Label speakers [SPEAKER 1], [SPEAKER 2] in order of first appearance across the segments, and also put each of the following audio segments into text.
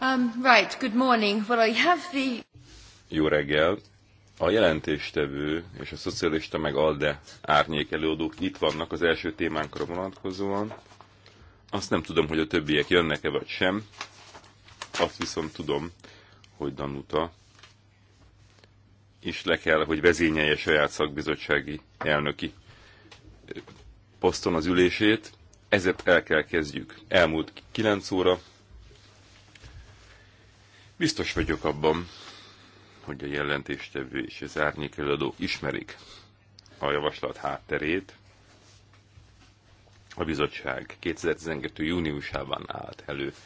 [SPEAKER 1] Um, right, good morning. Well, I have the...
[SPEAKER 2] Jó reggel. A jelentéstevő és a szocialista meg ALDE árnyék előadók itt vannak az első témánkra vonatkozóan. Azt nem tudom, hogy a többiek jönnek-e vagy sem. Azt viszont tudom, hogy Danuta is le kell, hogy vezényelje saját szakbizottsági elnöki eh, poszton az ülését. Ezért el kell kezdjük. Elmúlt 9 óra, Biztos vagyok abban, hogy a jelentéstevő és az árnyékeladó ismerik a javaslat hátterét. A bizottság 2012. júniusában állt elő a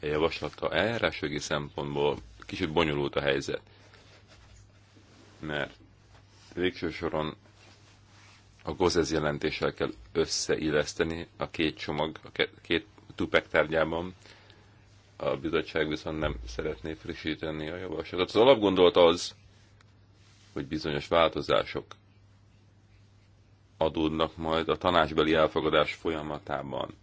[SPEAKER 2] e javaslata. Eljárásjogi szempontból kicsit bonyolult a helyzet, mert végső soron a gozez jelentéssel kell összeilleszteni a két csomag, a két tupek tárgyában, a bizottság viszont nem szeretné frissíteni a javaslatot. Az alapgondolat az, hogy bizonyos változások adódnak majd a tanácsbeli elfogadás folyamatában.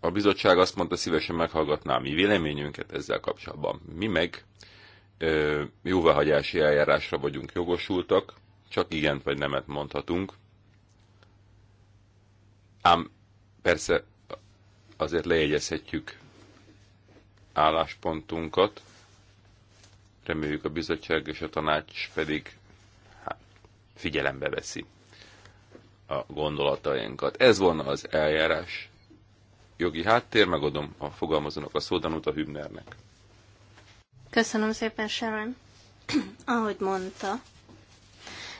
[SPEAKER 2] A bizottság azt mondta, szívesen meghallgatná mi véleményünket ezzel kapcsolatban. Mi meg ö, jóváhagyási eljárásra vagyunk jogosultak, csak igent vagy nemet mondhatunk. Ám persze azért lejegyezhetjük álláspontunkat. Reméljük a bizottság és a tanács pedig hát, figyelembe veszi a gondolatainkat. Ez volna az eljárás jogi háttér, megadom a fogalmazónak a szódanút a Hübnernek.
[SPEAKER 1] Köszönöm szépen, Sharon. Ahogy mondta,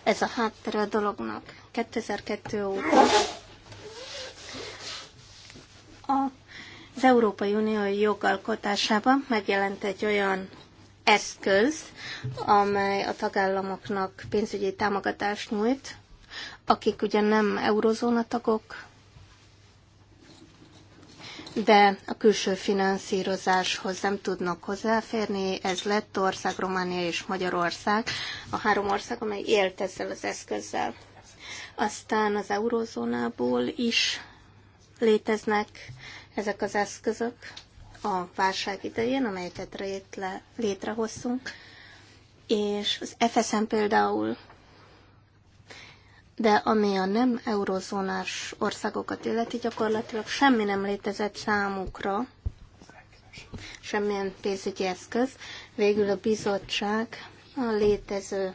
[SPEAKER 1] ez a háttere a dolognak. 2002 óta a az Európai Unió jogalkotásában megjelent egy olyan eszköz, amely a tagállamoknak pénzügyi támogatást nyújt, akik ugyan nem eurozóna tagok, de a külső finanszírozáshoz nem tudnak hozzáférni. Ez lett ország, Románia és Magyarország, a három ország, amely élt ezzel az eszközzel. Aztán az eurozónából is léteznek ezek az eszközök a válság idején, amelyeket létre, létrehoztunk, és az FSM például, de ami a nem eurozónás országokat illeti, gyakorlatilag semmi nem létezett számukra, semmilyen pénzügyi eszköz. Végül a bizottság a létező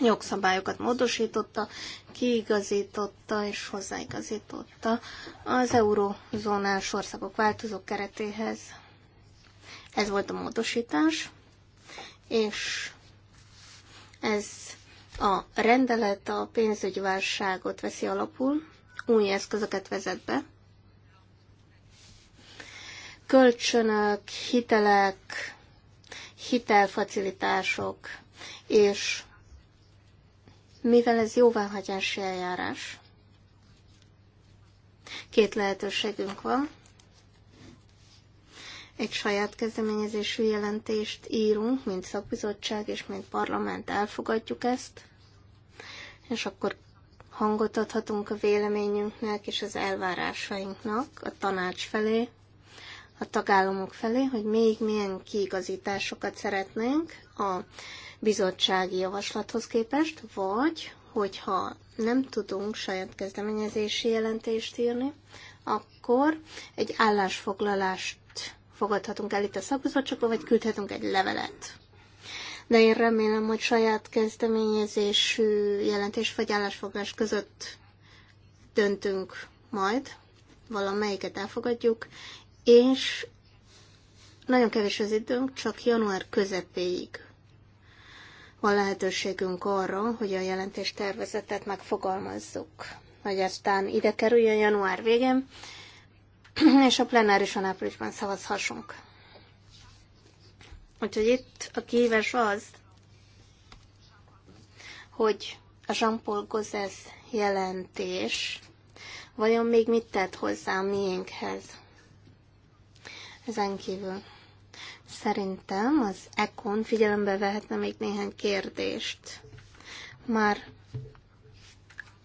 [SPEAKER 1] jogszabályokat módosította, kiigazította és hozzáigazította az eurózónás országok változó keretéhez. Ez volt a módosítás, és ez a rendelet a pénzügyi válságot veszi alapul, új eszközöket vezet be, kölcsönök, hitelek, hitelfacilitások és mivel ez jóváhagyási eljárás. Két lehetőségünk van. Egy saját kezdeményezésű jelentést írunk, mint szakbizottság és mint parlament elfogadjuk ezt, és akkor hangot adhatunk a véleményünknek és az elvárásainknak a tanács felé, a tagállamok felé, hogy még milyen kiigazításokat szeretnénk a bizottsági javaslathoz képest, vagy hogyha nem tudunk saját kezdeményezési jelentést írni, akkor egy állásfoglalást fogadhatunk el itt a szakbizottságban, vagy küldhetünk egy levelet. De én remélem, hogy saját kezdeményezésű jelentés vagy állásfoglalás között döntünk majd, valamelyiket elfogadjuk, és nagyon kevés az időnk, csak január közepéig van lehetőségünk arra, hogy a jelentés tervezetet megfogalmazzuk, hogy aztán ide kerüljön január végén, és a plenárison áprilisban szavazhassunk. Úgyhogy itt a kihívás az, hogy a Jean-Paul Gozes jelentés vajon még mit tett hozzá a miénkhez ezen kívül. Szerintem az ECON figyelembe vehetne még néhány kérdést. Már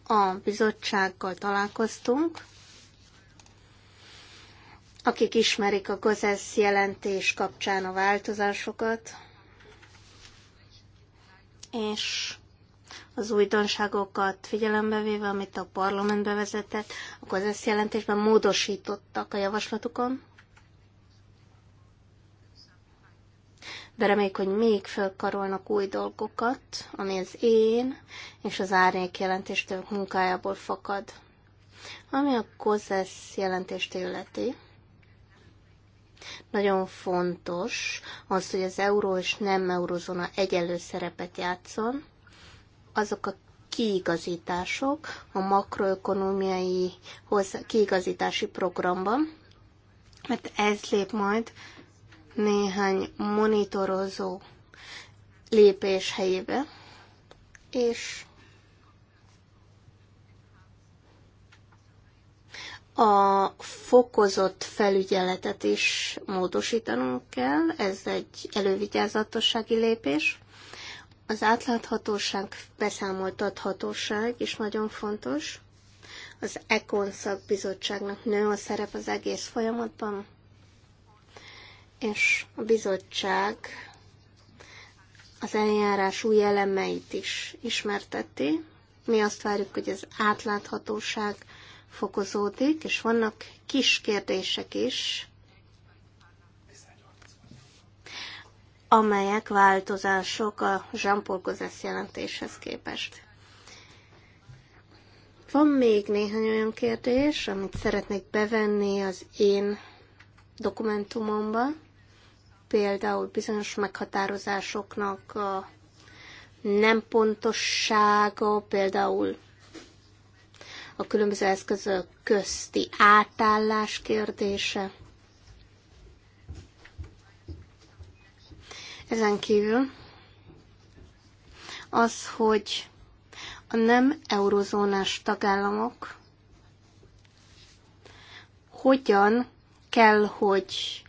[SPEAKER 1] a bizottsággal találkoztunk, akik ismerik a GOZESZ jelentés kapcsán a változásokat, és az újdonságokat figyelembe véve, amit a parlament bevezetett, a GOZESZ jelentésben módosítottak a javaslatokon. de reméljük, hogy még felkarolnak új dolgokat, ami az én és az árnyék jelentéstevők munkájából fakad. Ami a COSESZ jelentést illeti, nagyon fontos az, hogy az euró és nem eurozóna egyenlő szerepet játszon. Azok a kiigazítások a makroökonomiai kiigazítási programban, mert ez lép majd néhány monitorozó lépés helyébe, és a fokozott felügyeletet is módosítanunk kell, ez egy elővigyázatossági lépés. Az átláthatóság, beszámoltathatóság is nagyon fontos. Az ECON szakbizottságnak nő a szerep az egész folyamatban és a bizottság az eljárás új elemeit is ismerteti. Mi azt várjuk, hogy az átláthatóság fokozódik, és vannak kis kérdések is, amelyek változások a Jean-Paul Gozes jelentéshez képest. Van még néhány olyan kérdés, amit szeretnék bevenni az én dokumentumomba például bizonyos meghatározásoknak a nem pontossága, például a különböző eszközök közti átállás kérdése. Ezen kívül az, hogy a nem eurozónás tagállamok hogyan kell, hogy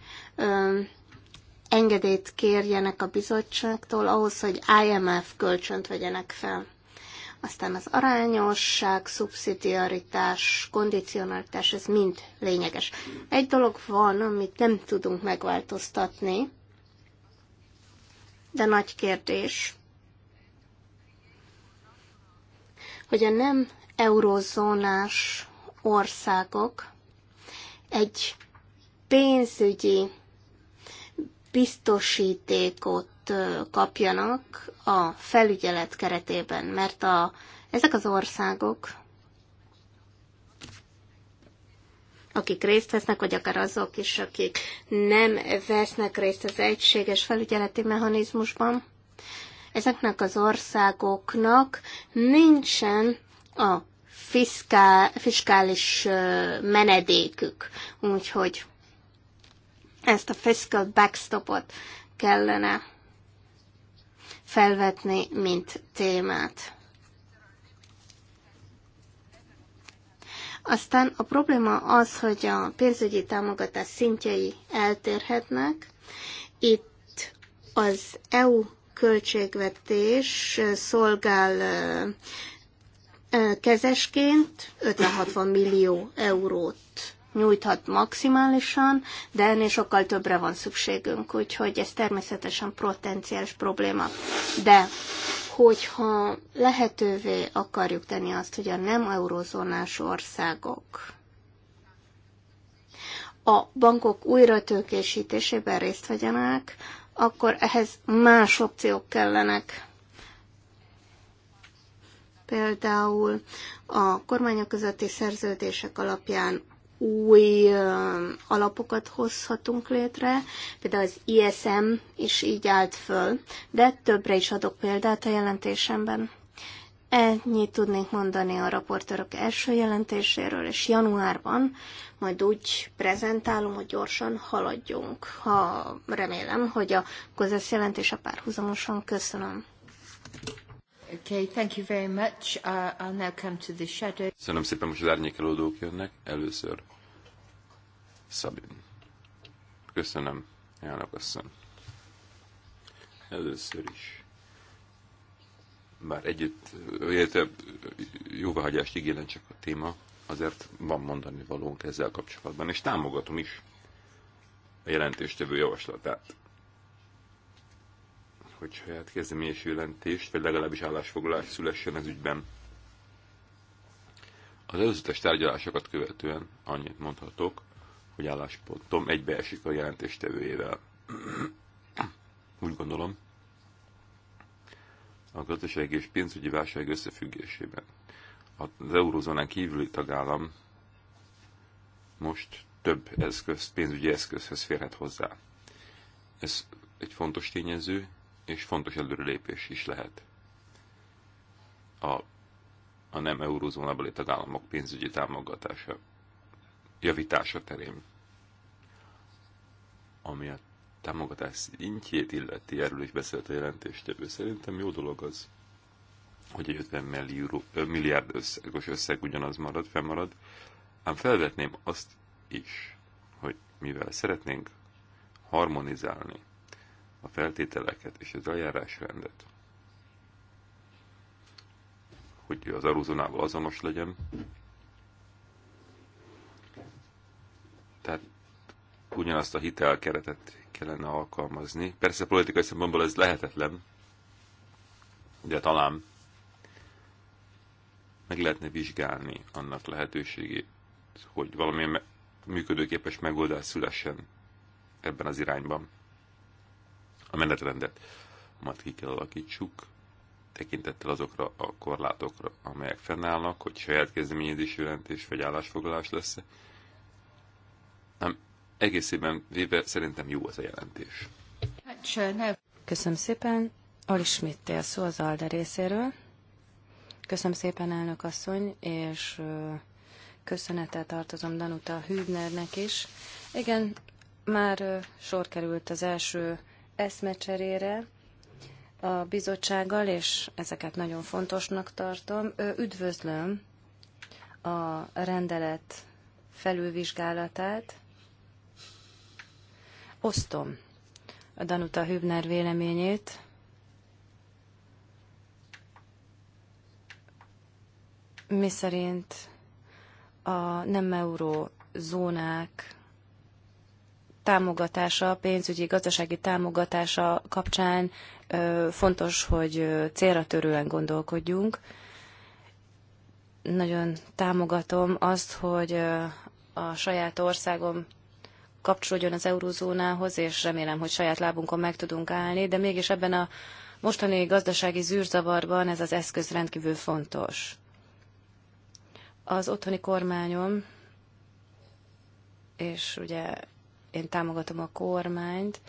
[SPEAKER 1] engedélyt kérjenek a bizottságtól ahhoz, hogy IMF kölcsönt vegyenek fel. Aztán az arányosság, szubszidiaritás, kondicionalitás, ez mind lényeges. Egy dolog van, amit nem tudunk megváltoztatni, de nagy kérdés, hogy a nem eurozónás országok egy pénzügyi biztosítékot kapjanak a felügyelet keretében, mert a, ezek az országok, akik részt vesznek, vagy akár azok is, akik nem vesznek részt az egységes felügyeleti mechanizmusban, ezeknek az országoknak nincsen a fiskál, fiskális menedékük. Úgyhogy ezt a fiscal backstopot kellene felvetni, mint témát. Aztán a probléma az, hogy a pénzügyi támogatás szintjei eltérhetnek. Itt az EU költségvetés szolgál kezesként 50-60 millió eurót nyújthat maximálisan, de ennél sokkal többre van szükségünk, úgyhogy ez természetesen potenciális probléma. De hogyha lehetővé akarjuk tenni azt, hogy a nem eurozónás országok a bankok újra tőkésítésében részt vegyenek, akkor ehhez más opciók kellenek. Például a kormányok közötti szerződések alapján új alapokat hozhatunk létre, például az ISM is így állt föl, de többre is adok példát a jelentésemben. Ennyit tudnék mondani a raportörök első jelentéséről, és januárban majd úgy prezentálom, hogy gyorsan haladjunk, ha remélem, hogy a közös jelentés a párhuzamosan köszönöm. Okay, thank you very much. Uh, I'll now come to the shadow.
[SPEAKER 2] Köszönöm szépen, most az árnyékelődők jönnek. Először Szabin. Köszönöm, elnök asszony. Először is. Bár együtt, illetve jóváhagyást igénylen csak a téma, azért van mondani valónk ezzel kapcsolatban, és támogatom is a jelentéstevő javaslatát hogy saját kezdeményes jelentést, vagy legalábbis állásfoglalás szülessen az ügyben. Az előzetes tárgyalásokat követően annyit mondhatok, hogy álláspontom egybeesik a jelentéstevőjével. Úgy gondolom, a gazdasági és pénzügyi válság összefüggésében az eurózónán kívüli tagállam most több eszköz, pénzügyi eszközhez férhet hozzá. Ez egy fontos tényező, és fontos előrelépés is lehet a, a nem eurózónabeli tagállamok pénzügyi támogatása, javítása terén, ami a támogatás szintjét illeti, erről is beszélt a jelentéstevő. Szerintem jó dolog az, hogy egy 50 millió, milliárd összegos összeg ugyanaz marad, fennmarad, ám felvetném azt is, hogy mivel szeretnénk harmonizálni a feltételeket és az eljárásrendet, hogy az Arizonával azonos legyen. Tehát ugyanazt a hitelkeretet kellene alkalmazni. Persze politikai szempontból ez lehetetlen, de talán meg lehetne vizsgálni annak lehetőségét, hogy valamilyen működőképes megoldás szülessen ebben az irányban a menetrendet majd ki kell alakítsuk, tekintettel azokra a korlátokra, amelyek fennállnak, hogy saját kezdeményezés jelentés vagy állásfoglalás lesz. Nem, egészében véve szerintem jó az a jelentés.
[SPEAKER 3] Köszönöm szépen. Ali Schmidt szó az ALDE részéről. Köszönöm szépen, elnök asszony, és köszönetet tartozom Danuta Hübnernek is. Igen, már sor került az első eszmecserére a bizottsággal, és ezeket nagyon fontosnak tartom. Üdvözlöm a rendelet felülvizsgálatát. Osztom a Danuta Hübner véleményét, Mi szerint a nem euró zónák támogatása, pénzügyi, gazdasági támogatása kapcsán fontos, hogy célra törően gondolkodjunk. Nagyon támogatom azt, hogy a saját országom kapcsolódjon az eurózónához, és remélem, hogy saját lábunkon meg tudunk állni, de mégis ebben a mostani gazdasági zűrzavarban ez az eszköz rendkívül fontos. Az otthoni kormányom, és ugye én támogatom a kormányt.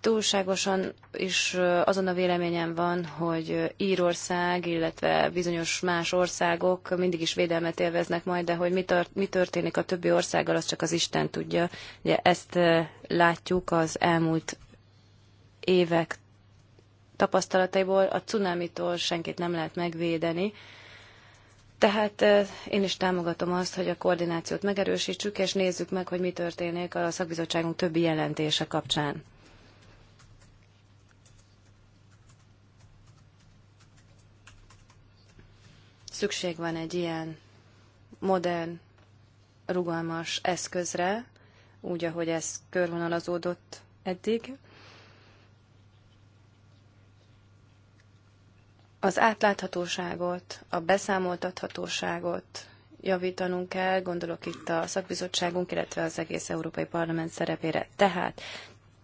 [SPEAKER 3] Túlságosan is azon a véleményem van, hogy Írország, illetve bizonyos más országok mindig is védelmet élveznek majd, de hogy mi történik a többi országgal, az csak az Isten tudja. Ugye ezt látjuk az elmúlt évek tapasztalataiból, a cunamitól senkit nem lehet megvédeni, tehát én is támogatom azt, hogy a koordinációt megerősítsük, és nézzük meg, hogy mi történik a szakbizottságunk többi jelentése kapcsán. Szükség van egy ilyen modern, rugalmas eszközre, úgy, ahogy ez körvonalazódott eddig. Az átláthatóságot, a beszámoltathatóságot javítanunk kell, gondolok itt a szakbizottságunk, illetve az egész Európai Parlament szerepére. Tehát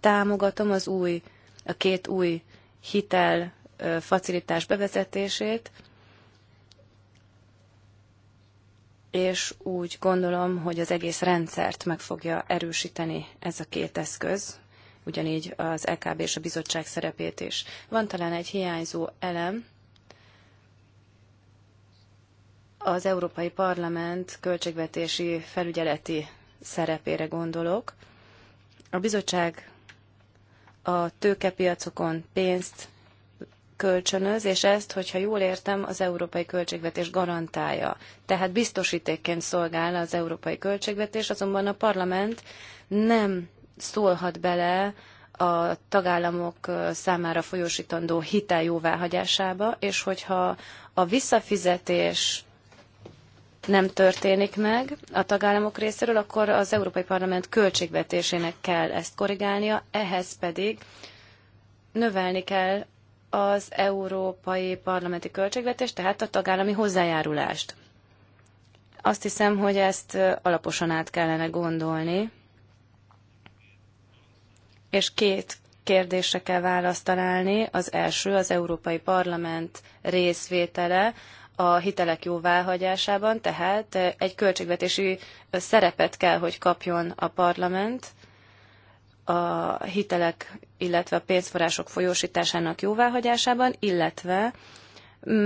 [SPEAKER 3] támogatom az új, a két új hitel facilitás bevezetését, és úgy gondolom, hogy az egész rendszert meg fogja erősíteni ez a két eszköz, ugyanígy az LKB és a bizottság szerepét is. Van talán egy hiányzó elem, az Európai Parlament költségvetési felügyeleti szerepére gondolok. A bizottság a tőkepiacokon pénzt kölcsönöz, és ezt, hogyha jól értem, az európai költségvetés garantálja. Tehát biztosítékként szolgál az európai költségvetés, azonban a parlament nem szólhat bele a tagállamok számára folyósítandó hitel jóváhagyásába, és hogyha a visszafizetés nem történik meg a tagállamok részéről, akkor az Európai Parlament költségvetésének kell ezt korrigálnia, ehhez pedig növelni kell az Európai Parlamenti költségvetést, tehát a tagállami hozzájárulást. Azt hiszem, hogy ezt alaposan át kellene gondolni, és két kérdésre kell választ találni. Az első az Európai Parlament részvétele a hitelek jóváhagyásában, tehát egy költségvetési szerepet kell, hogy kapjon a parlament a hitelek, illetve a pénzforrások folyósításának jóváhagyásában, illetve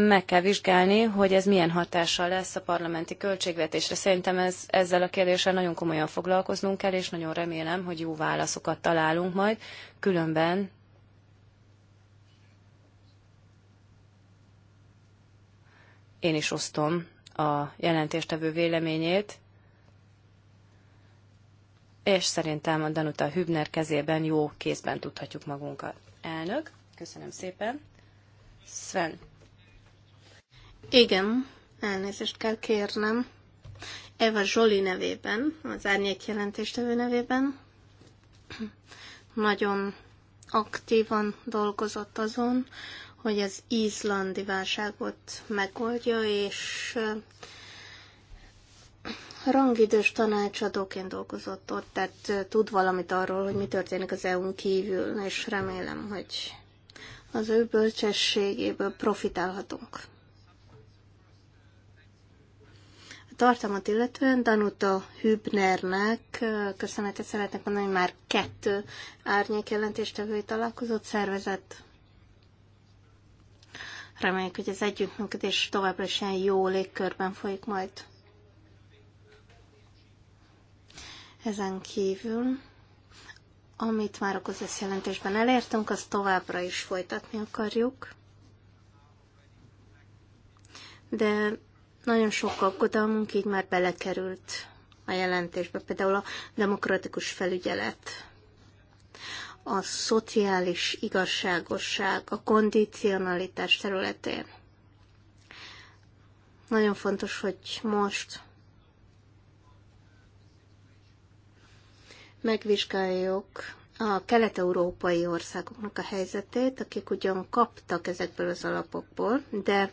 [SPEAKER 3] meg kell vizsgálni, hogy ez milyen hatással lesz a parlamenti költségvetésre. Szerintem ez, ezzel a kérdéssel nagyon komolyan foglalkoznunk kell, és nagyon remélem, hogy jó válaszokat találunk majd, különben Én is osztom a jelentéstevő véleményét, és szerintem a Danuta Hübner kezében jó kézben tudhatjuk magunkat. Elnök, köszönöm szépen. Sven.
[SPEAKER 1] Igen, elnézést kell kérnem. Eva Zsoli nevében, az árnyék jelentéstevő nevében nagyon aktívan dolgozott azon, hogy az izlandi válságot megoldja, és rangidős tanácsadóként dolgozott ott, tehát tud valamit arról, hogy mi történik az EU-n kívül, és remélem, hogy az ő bölcsességéből profitálhatunk. A tartalmat illetően Danuta Hübnernek köszönetet szeretnék mondani, hogy már kettő árnyék jelentéstevői találkozott szervezett. Reméljük, hogy az együttműködés továbbra is ilyen jó légkörben folyik majd. Ezen kívül, amit már a közös jelentésben elértünk, azt továbbra is folytatni akarjuk. De nagyon sok aggodalmunk így már belekerült a jelentésbe, például a demokratikus felügyelet a szociális igazságosság, a kondicionalitás területén. Nagyon fontos, hogy most megvizsgáljuk a kelet-európai országoknak a helyzetét, akik ugyan kaptak ezekből az alapokból, de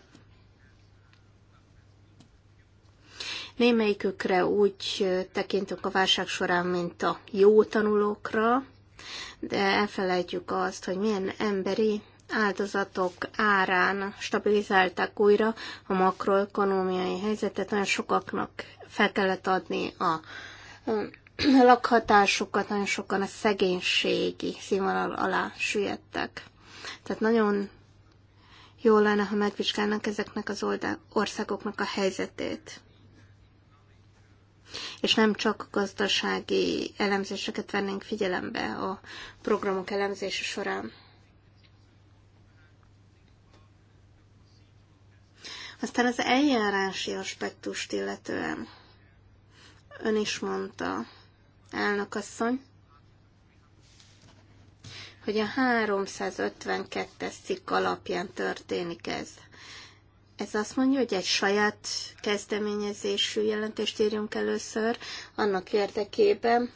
[SPEAKER 1] némelyikükre úgy tekintünk a válság során, mint a jó tanulókra, de elfelejtjük azt, hogy milyen emberi áldozatok árán stabilizálták újra a makroekonomiai helyzetet, nagyon sokaknak fel kellett adni a lakhatásukat, nagyon sokan a szegénységi színvonal alá süllyedtek. Tehát nagyon jó lenne, ha megvizsgálnak ezeknek az országoknak a helyzetét és nem csak gazdasági elemzéseket vennénk figyelembe a programok elemzése során. Aztán az eljárási aspektust illetően ön is mondta, asszony, hogy a 352-es cikk alapján történik ez ez azt mondja, hogy egy saját kezdeményezésű jelentést írjunk először annak érdekében,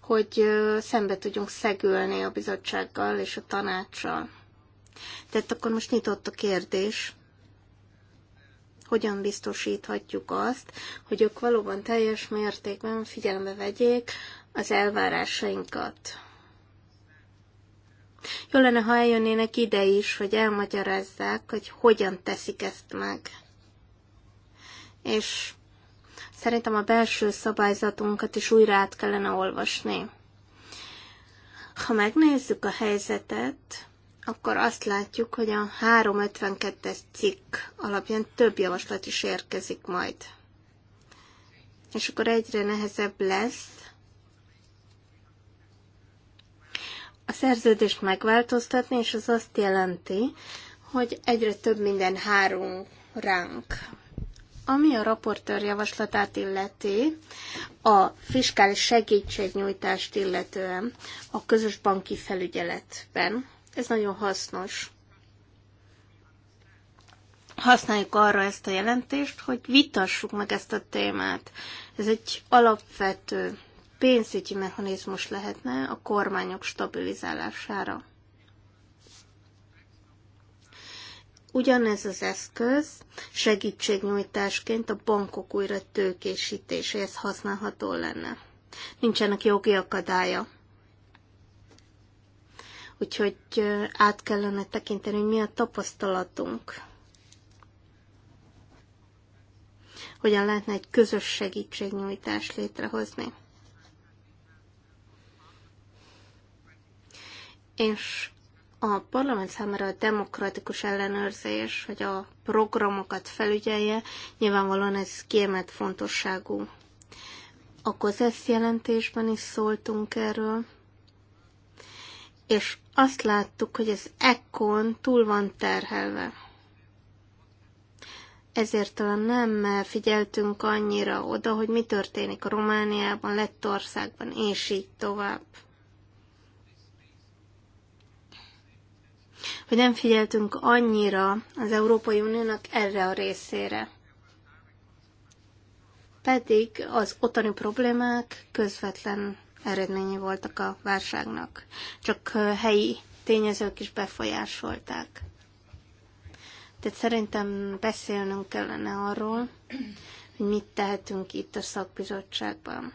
[SPEAKER 1] hogy szembe tudjunk szegülni a bizottsággal és a tanácssal. Tehát akkor most nyitott a kérdés, hogyan biztosíthatjuk azt, hogy ők valóban teljes mértékben figyelembe vegyék az elvárásainkat. Jó lenne, ha eljönnének ide is, hogy elmagyarázzák, hogy hogyan teszik ezt meg. És szerintem a belső szabályzatunkat is újra át kellene olvasni. Ha megnézzük a helyzetet, akkor azt látjuk, hogy a 352-es cikk alapján több javaslat is érkezik majd. És akkor egyre nehezebb lesz a szerződést megváltoztatni, és az azt jelenti, hogy egyre több minden hárunk ránk. Ami a raportőr javaslatát illeti, a fiskális segítségnyújtást illetően a közös banki felügyeletben, ez nagyon hasznos. Használjuk arra ezt a jelentést, hogy vitassuk meg ezt a témát. Ez egy alapvető pénzügyi mechanizmus lehetne a kormányok stabilizálására. Ugyanez az eszköz segítségnyújtásként a bankok újra tőkésítéséhez használható lenne. Nincsenek jogi akadálya. Úgyhogy át kellene tekinteni, hogy mi a tapasztalatunk. Hogyan lehetne egy közös segítségnyújtást létrehozni. és a parlament számára a demokratikus ellenőrzés, hogy a programokat felügyelje, nyilvánvalóan ez kiemelt fontosságú. A COSESZ e jelentésben is szóltunk erről, és azt láttuk, hogy az ECON túl van terhelve. Ezért talán nem figyeltünk annyira oda, hogy mi történik a Romániában, Lettországban, és így tovább. hogy nem figyeltünk annyira az Európai Uniónak erre a részére. Pedig az otthoni problémák közvetlen eredményi voltak a válságnak, csak helyi tényezők is befolyásolták. Tehát szerintem beszélnünk kellene arról, hogy mit tehetünk itt a szakbizottságban.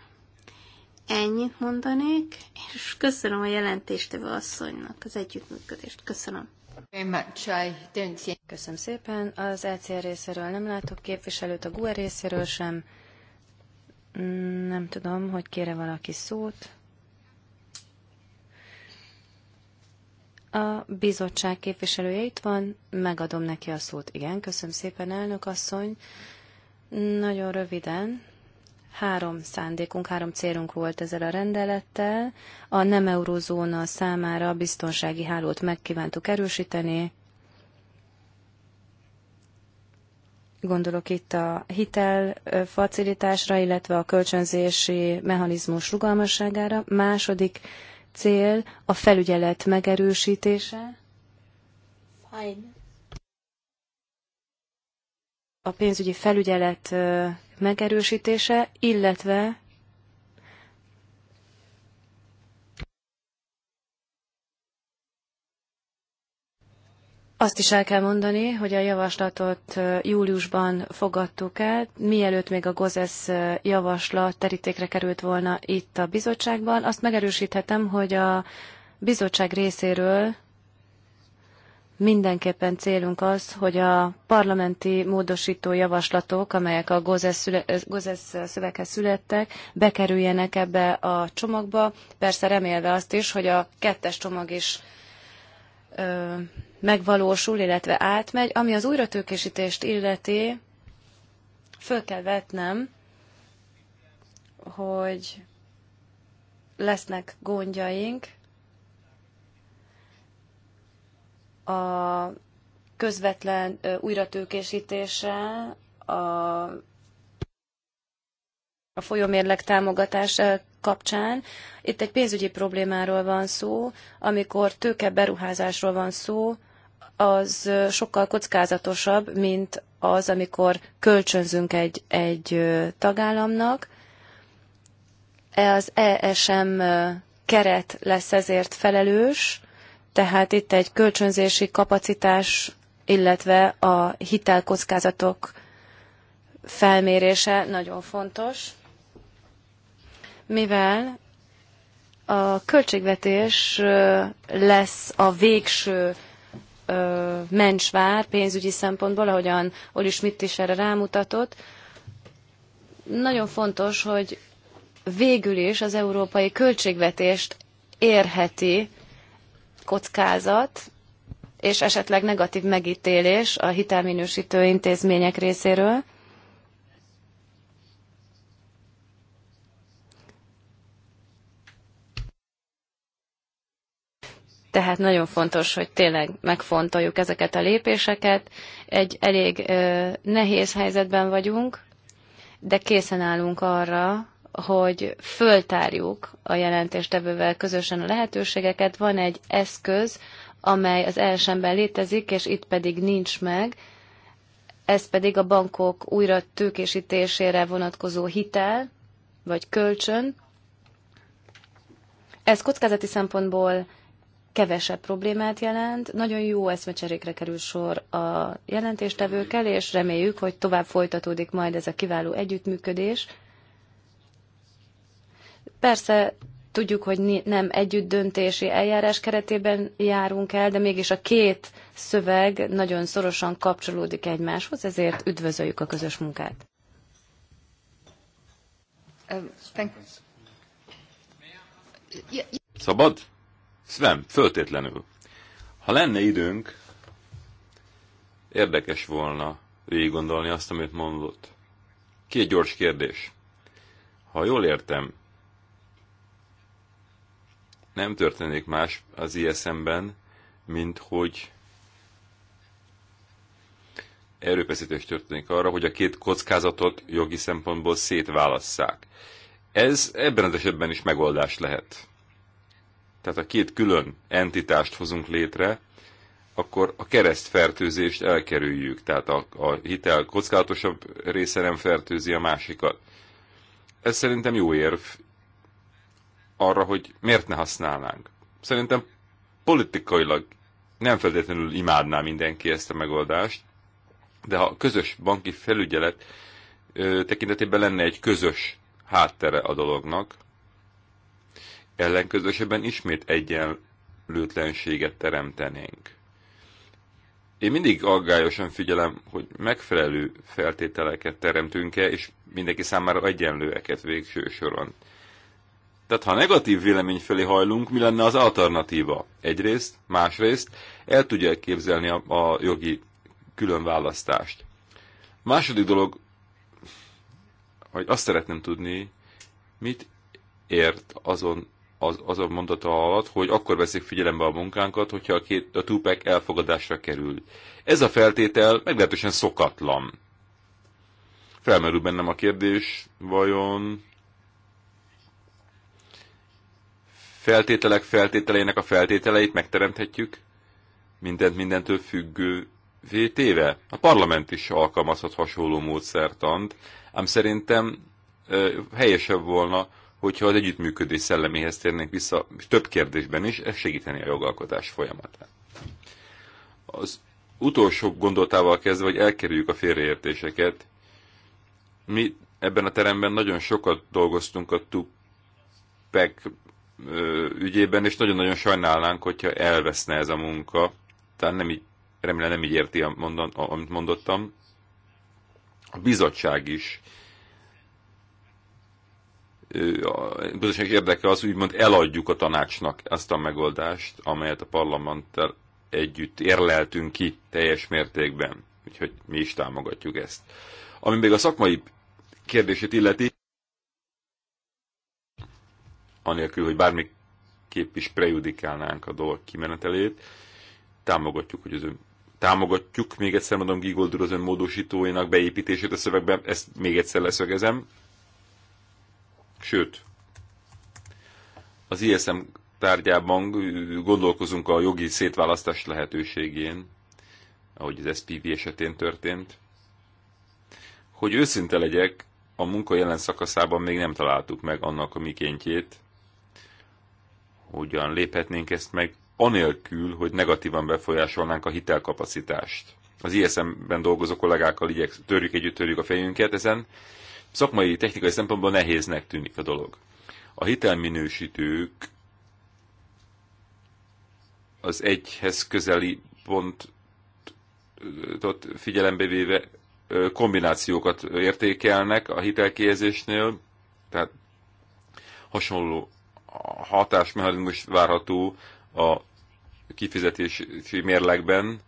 [SPEAKER 1] Ennyit mondanék, és köszönöm a jelentéstevő asszonynak az együttműködést. Köszönöm.
[SPEAKER 3] Köszönöm szépen. Az ECR részéről nem látok képviselőt, a GUE részéről sem. Nem tudom, hogy kére valaki szót. A bizottság képviselője itt van, megadom neki a szót. Igen, köszönöm szépen, elnök asszony. Nagyon röviden, három szándékunk, három célunk volt ezzel a rendelettel. A nem eurozóna számára a biztonsági hálót megkívántuk erősíteni. Gondolok itt a hitel facilitásra, illetve a kölcsönzési mechanizmus rugalmasságára. Második cél a felügyelet megerősítése. Fine a pénzügyi felügyelet megerősítése, illetve Azt is el kell mondani, hogy a javaslatot júliusban fogadtuk el, mielőtt még a GOZESZ javaslat terítékre került volna itt a bizottságban. Azt megerősíthetem, hogy a bizottság részéről Mindenképpen célunk az, hogy a parlamenti módosító javaslatok, amelyek a GOZESZ szöveghez születtek, bekerüljenek ebbe a csomagba, persze remélve azt is, hogy a kettes csomag is ö, megvalósul, illetve átmegy. Ami az újratőkésítést illeti, föl kell vetnem, hogy lesznek gondjaink, a közvetlen újratőkésítése, a, a folyómérleg támogatás kapcsán. Itt egy pénzügyi problémáról van szó, amikor tőke beruházásról van szó, az sokkal kockázatosabb, mint az, amikor kölcsönzünk egy, egy tagállamnak. Az ESM keret lesz ezért felelős, tehát itt egy kölcsönzési kapacitás, illetve a hitelkockázatok felmérése nagyon fontos, mivel a költségvetés lesz a végső mencsvár pénzügyi szempontból, ahogyan Oli Schmidt is erre rámutatott. Nagyon fontos, hogy végül is az európai költségvetést érheti kockázat és esetleg negatív megítélés a hitelminősítő intézmények részéről. Tehát nagyon fontos, hogy tényleg megfontoljuk ezeket a lépéseket. Egy elég ö, nehéz helyzetben vagyunk, de készen állunk arra, hogy föltárjuk a jelentéstevővel közösen a lehetőségeket. Van egy eszköz, amely az elsemben létezik, és itt pedig nincs meg, ez pedig a bankok újra tőkésítésére vonatkozó hitel, vagy kölcsön. Ez kockázati szempontból kevesebb problémát jelent. Nagyon jó eszmecserékre kerül sor a jelentéstevőkkel, és reméljük, hogy tovább folytatódik majd ez a kiváló együttműködés Persze tudjuk, hogy nem együtt döntési eljárás keretében járunk el, de mégis a két szöveg nagyon szorosan kapcsolódik egymáshoz, ezért üdvözöljük a közös munkát.
[SPEAKER 1] Um,
[SPEAKER 2] Szabad? Sven, föltétlenül. Ha lenne időnk, érdekes volna végig gondolni azt, amit mondott. Két gyors kérdés. Ha jól értem, nem történik más az ISM-ben, mint hogy erőpeszítés történik arra, hogy a két kockázatot jogi szempontból szétválasszák. Ez ebben az esetben is megoldás lehet. Tehát a két külön entitást hozunk létre, akkor a keresztfertőzést elkerüljük. Tehát a, a hitel kockázatosabb része nem fertőzi a másikat. Ez szerintem jó érv, arra, hogy miért ne használnánk. Szerintem politikailag nem feltétlenül imádná mindenki ezt a megoldást, de ha a közös banki felügyelet ö, tekintetében lenne egy közös háttere a dolognak, ellenközösebben ismét egyenlőtlenséget teremtenénk. Én mindig aggályosan figyelem, hogy megfelelő feltételeket teremtünk-e, és mindenki számára egyenlőeket végső soron. Tehát ha negatív vélemény felé hajlunk, mi lenne az alternatíva? Egyrészt, másrészt el tudja képzelni a, a jogi különválasztást. Második dolog, hogy azt szeretném tudni, mit ért azon az, az a mondata alatt, hogy akkor veszik figyelembe a munkánkat, hogyha a, két, a tupek elfogadásra kerül. Ez a feltétel meglehetősen szokatlan. Felmerül bennem a kérdés, vajon feltételek feltételeinek a feltételeit megteremthetjük, mindent mindentől függő vétéve. A parlament is alkalmazhat hasonló módszertant, ám szerintem helyesebb volna, hogyha az együttműködés szelleméhez térnénk vissza több kérdésben is, ez segíteni a jogalkotás folyamatát. Az utolsó gondoltával kezdve, hogy elkerüljük a félreértéseket, mi ebben a teremben nagyon sokat dolgoztunk a tupek ügyében, és nagyon-nagyon sajnálnánk, hogyha elveszne ez a munka. Tehát nem így, remélem nem így érti, amit mondottam. A bizottság is a bizottság érdeke az, úgymond eladjuk a tanácsnak ezt a megoldást, amelyet a parlamenttel együtt érleltünk ki teljes mértékben. Úgyhogy mi is támogatjuk ezt. Ami még a szakmai kérdését illeti, anélkül, hogy bármiképp is prejudikálnánk a dolog kimenetelét. Támogatjuk, hogy az ön, támogatjuk, még egyszer mondom, Gigoldur az ön módosítóinak beépítését a szövegbe, ezt még egyszer leszögezem. Sőt, az ISM tárgyában gondolkozunk a jogi szétválasztás lehetőségén, ahogy az SPV esetén történt. Hogy őszinte legyek, a munka jelen szakaszában még nem találtuk meg annak a mikéntjét, hogyan léphetnénk ezt meg, anélkül, hogy negatívan befolyásolnánk a hitelkapacitást. Az ISM-ben dolgozó kollégákkal igyek, törjük együtt, törjük a fejünket ezen. Szakmai, technikai szempontból nehéznek tűnik a dolog. A hitelminősítők az egyhez közeli pontot figyelembe véve kombinációkat értékelnek a hitelkézésnél, tehát hasonló hatásmechanizmus várható a kifizetési mérlegben.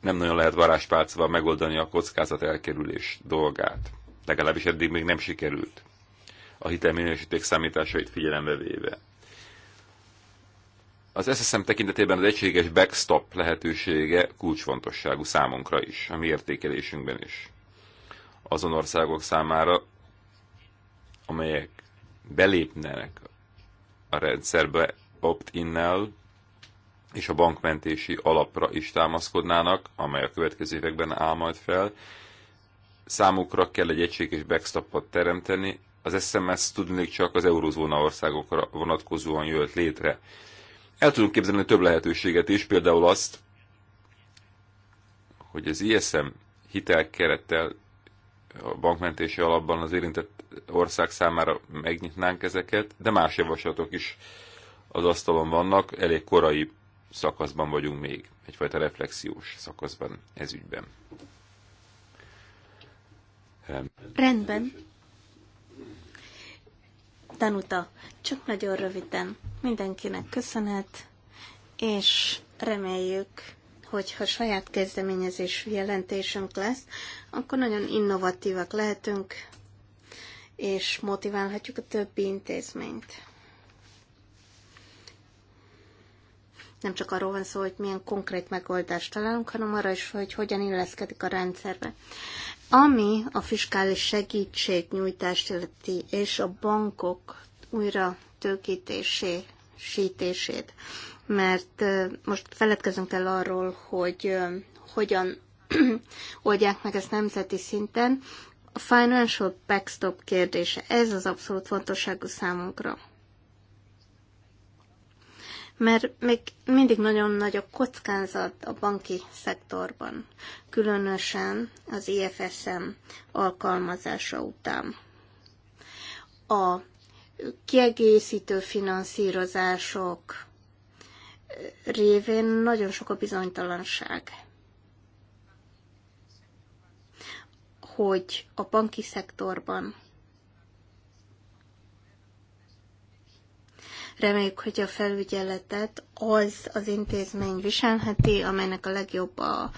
[SPEAKER 2] Nem nagyon lehet varázspálcával megoldani a kockázat elkerülés dolgát. Legalábbis eddig még nem sikerült a hitelminősíték számításait figyelembe véve. Az SSM tekintetében az egységes backstop lehetősége kulcsfontosságú számunkra is, a mi értékelésünkben is. Azon országok számára, amelyek belépnek a rendszerbe opt-innel, és a bankmentési alapra is támaszkodnának, amely a következő években áll majd fel, számukra kell egy egységes backstopot teremteni, az SMS tudnék csak az eurozóna országokra vonatkozóan jött létre. El tudunk képzelni több lehetőséget is, például azt, hogy az ISM hitelkerettel a bankmentési alapban az érintett ország számára megnyitnánk ezeket, de más javaslatok is az asztalon vannak, elég korai szakaszban vagyunk még, egyfajta reflexiós szakaszban ez ügyben.
[SPEAKER 1] Rendben. Danuta, csak nagyon röviden. Mindenkinek köszönet, és reméljük, hogyha saját kezdeményezésű jelentésünk lesz, akkor nagyon innovatívak lehetünk, és motiválhatjuk a többi intézményt. Nem csak arról van szó, hogy milyen konkrét megoldást találunk, hanem arra is, hogy hogyan illeszkedik a rendszerbe. Ami a fiskális segítségnyújtást illeti, és a bankok újra tőkítését, sítését mert most feledkezünk el arról, hogy hogyan oldják meg ezt nemzeti szinten. A financial backstop kérdése, ez az abszolút fontosságú számunkra. Mert még mindig nagyon nagy a kockázat a banki szektorban, különösen az IFSM alkalmazása után. A kiegészítő finanszírozások, révén nagyon sok a bizonytalanság. Hogy a banki szektorban Reméljük, hogy a felügyeletet az az intézmény viselheti, amelynek a legjobb a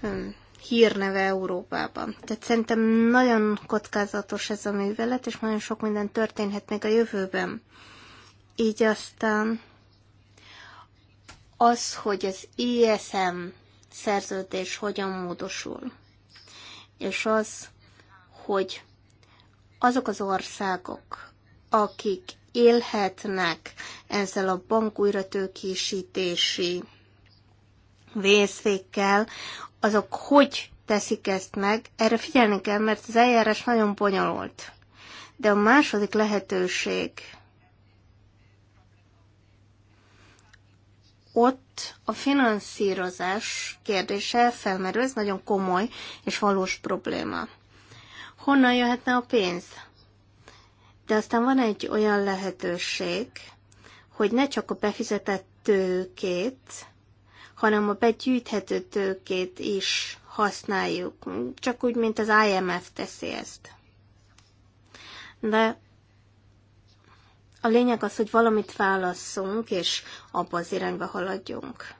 [SPEAKER 1] hm, hírneve Európában. Tehát szerintem nagyon kockázatos ez a művelet, és nagyon sok minden történhet még a jövőben. Így aztán az, hogy az ISM szerződés hogyan módosul, és az, hogy azok az országok, akik élhetnek ezzel a bank újratőkésítési vészvékkel, azok hogy teszik ezt meg, erre figyelni kell, mert az eljárás nagyon bonyolult. De a második lehetőség ott a finanszírozás kérdése felmerül, ez nagyon komoly és valós probléma. Honnan jöhetne a pénz? De aztán van egy olyan lehetőség, hogy ne csak a befizetett tőkét, hanem a begyűjthető tőkét is használjuk, csak úgy, mint az IMF teszi ezt. De a lényeg az, hogy valamit válasszunk, és abba az irányba haladjunk.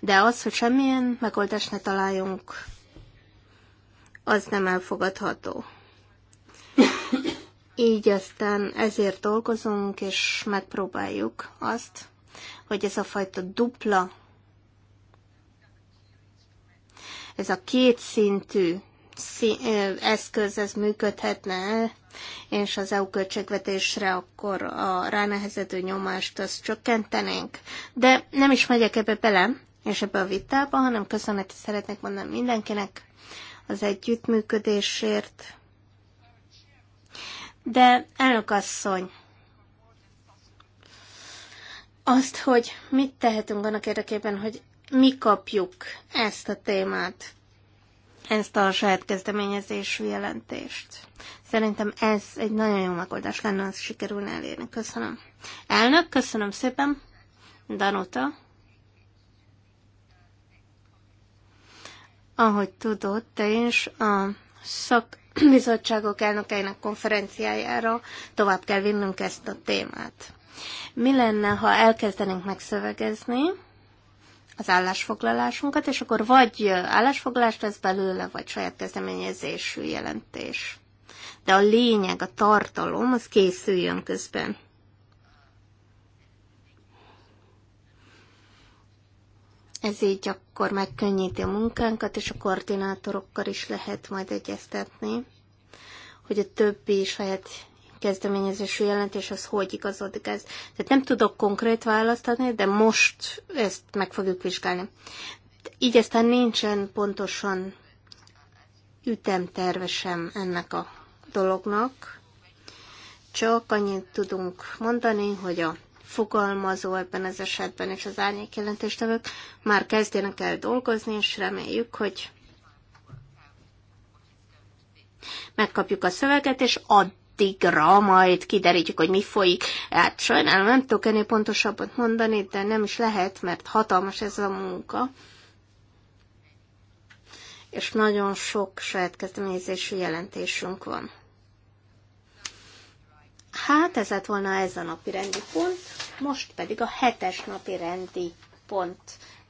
[SPEAKER 1] De az, hogy semmilyen megoldást ne találjunk, az nem elfogadható. Így aztán ezért dolgozunk, és megpróbáljuk azt, hogy ez a fajta dupla, ez a kétszintű eszköz, ez működhetne és az EU költségvetésre, akkor a ránehezedő nyomást azt csökkentenénk. De nem is megyek ebbe bele, és ebbe a vitába, hanem köszönetet szeretnék mondani mindenkinek az együttműködésért. De elnök asszony, azt, hogy mit tehetünk annak érdekében, hogy mi kapjuk ezt a témát ezt a saját kezdeményezésű jelentést. Szerintem ez egy nagyon jó megoldás lenne, ha sikerülne elérni. Köszönöm. Elnök, köszönöm szépen. Danuta. Ahogy tudod, te is a szakbizottságok elnökeinek konferenciájára tovább kell vinnünk ezt a témát. Mi lenne, ha elkezdenénk megszövegezni, az állásfoglalásunkat, és akkor vagy állásfoglalás lesz belőle, vagy saját kezdeményezésű jelentés. De a lényeg, a tartalom, az készüljön közben. Ez így akkor megkönnyíti a munkánkat, és a koordinátorokkal is lehet majd egyeztetni, hogy a többi saját kezdeményezésű jelentés az hogy igazodik ez. Tehát nem tudok konkrét választ adni, de most ezt meg fogjuk vizsgálni. Így aztán nincsen pontosan ütemterve sem ennek a dolognak. Csak annyit tudunk mondani, hogy a fogalmazó ebben az esetben és az árnyék jelentéstevők már kezdjenek el dolgozni, és reméljük, hogy megkapjuk a szöveget, és addig addigra majd kiderítjük, hogy mi folyik. Hát sajnálom, nem tudok ennél pontosabbat mondani, de nem is lehet, mert hatalmas ez a munka. És nagyon sok saját kezdeményezésű jelentésünk van. Hát ez lett volna ez a napi rendi pont, most pedig a hetes napi rendi pont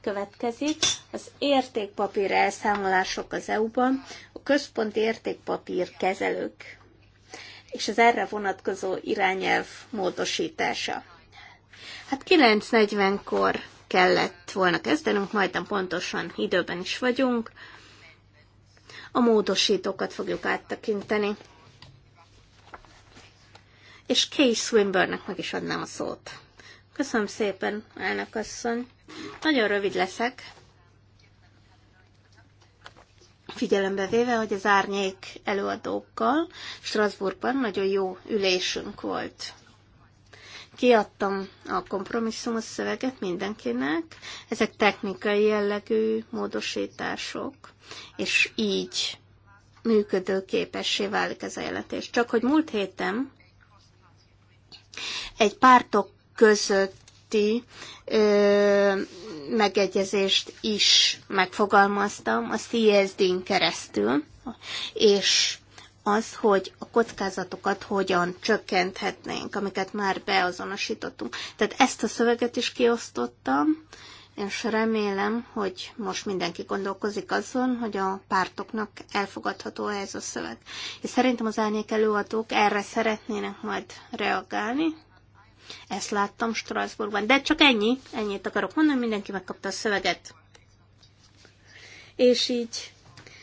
[SPEAKER 1] következik. Az értékpapír elszámolások az EU-ban, a központi értékpapír kezelők és az erre vonatkozó irányelv módosítása. Hát 9.40-kor kellett volna kezdenünk, majdnem pontosan időben is vagyunk. A módosítókat fogjuk áttekinteni. És Kay swinburne meg is adnám a szót. Köszönöm szépen, elnök asszony. Nagyon rövid leszek figyelembe véve, hogy az árnyék előadókkal Strasbourgban nagyon jó ülésünk volt. Kiadtam a kompromisszumos szöveget mindenkinek, ezek technikai jellegű módosítások, és így működőképessé válik ez a jelentés. Csak hogy múlt héten egy pártok között közötti ö, megegyezést is megfogalmaztam a CSD-n keresztül, és az, hogy a kockázatokat hogyan csökkenthetnénk, amiket már beazonosítottunk. Tehát ezt a szöveget is kiosztottam, és remélem, hogy most mindenki gondolkozik azon, hogy a pártoknak elfogadható ez a szöveg. És szerintem az elnék előadók erre szeretnének majd reagálni, ezt láttam Strasbourgban. De csak ennyi, ennyit akarok mondani, mindenki megkapta a szöveget. És így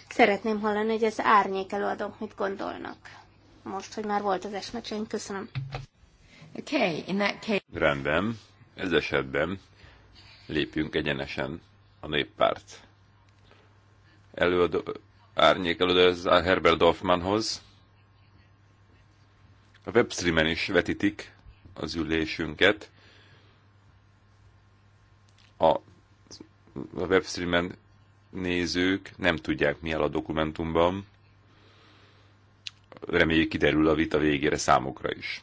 [SPEAKER 1] szeretném hallani, hogy ez árnyék előadók mit gondolnak. Most, hogy már volt az esmecsénk, köszönöm. Okay, in that case...
[SPEAKER 2] Rendben, ez esetben lépjünk egyenesen a néppárt előadó, árnyék előadó az Herbert Dorfmanhoz. A webstreamen is vetítik az ülésünket. A, a webstreamen nézők nem tudják, mi áll a dokumentumban. Reméljük kiderül a vita végére számokra is.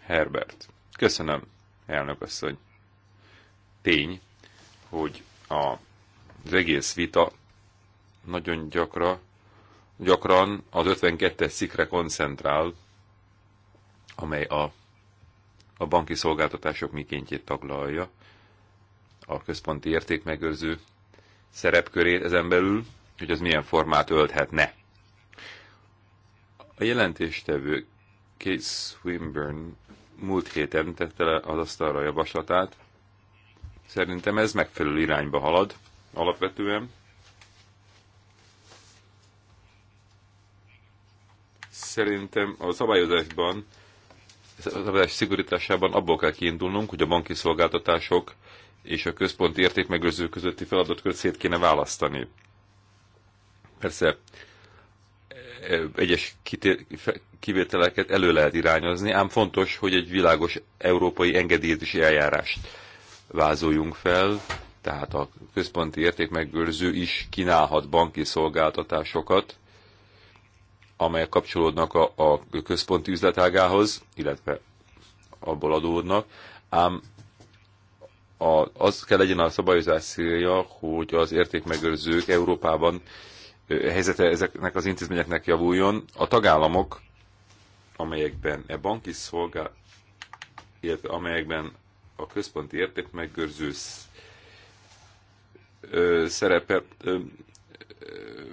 [SPEAKER 2] Herbert. Köszönöm, elnök asszony. Tény, hogy a, az egész vita nagyon gyakra, gyakran az 52-es szikre koncentrál, amely a, a banki szolgáltatások mikéntjét taglalja, a központi értékmegőrző szerepkörét ezen belül, hogy az milyen formát ölthetne. A jelentéstevő Kate Swinburne múlt héten tette le az asztalra a javaslatát. Szerintem ez megfelelő irányba halad alapvetően. Szerintem a szabályozásban szabadás szigorításában abból kell kiindulnunk, hogy a banki szolgáltatások és a központi értékmegőrző közötti között szét kéne választani. Persze e, egyes kivételeket elő lehet irányozni, ám fontos, hogy egy világos európai engedélyezési eljárást vázoljunk fel, tehát a központi értékmegőrző is kínálhat banki szolgáltatásokat, amelyek kapcsolódnak a, a központi üzletágához, illetve abból adódnak, ám a, az kell legyen a szabályozás célja, hogy az értékmegőrzők Európában helyzete ezeknek az intézményeknek javuljon. A tagállamok, amelyekben e banki szolgál, illetve amelyekben a központi értékmegőrző szerepe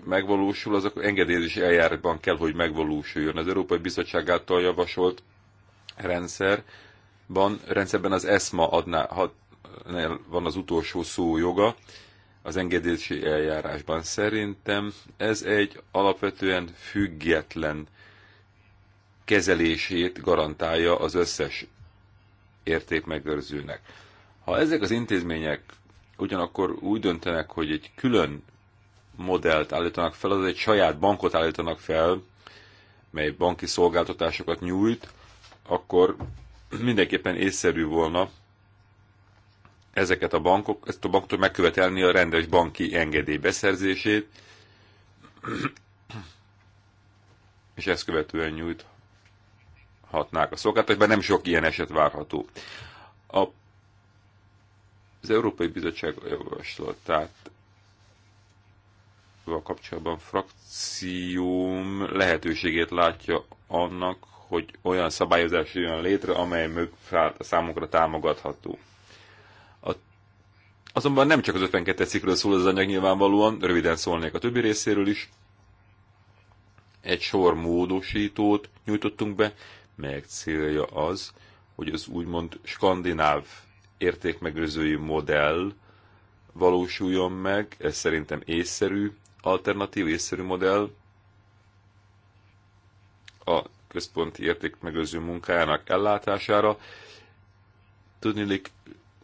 [SPEAKER 2] megvalósul, az engedélyezési eljárásban kell, hogy megvalósuljon. Az Európai Bizottság által javasolt rendszerben, rendszerben az ESMA adná, ha, van az utolsó szó joga az engedélyezési eljárásban. Szerintem ez egy alapvetően független kezelését garantálja az összes értékmegőrzőnek. Ha ezek az intézmények ugyanakkor úgy döntenek, hogy egy külön modellt állítanak fel, az egy saját bankot állítanak fel, mely banki szolgáltatásokat nyújt, akkor mindenképpen észszerű volna ezeket a bankok, ezt a banktól megkövetelni a rendes banki engedély beszerzését, és ezt követően nyújthatnák a mert nem sok ilyen eset várható. A, az Európai Bizottság javaslatát kapcsolatban frakcióm lehetőségét látja annak, hogy olyan szabályozás jön létre, amely számunkra támogatható. A, azonban nem csak az 52 cikről szól az anyag nyilvánvalóan, röviden szólnék a többi részéről is. Egy sor módosítót nyújtottunk be, melyek célja az, hogy az úgymond skandináv értékmegőrzői modell valósuljon meg, ez szerintem észszerű, alternatív észszerű modell a központi érték megőrző munkájának ellátására. Tudnilik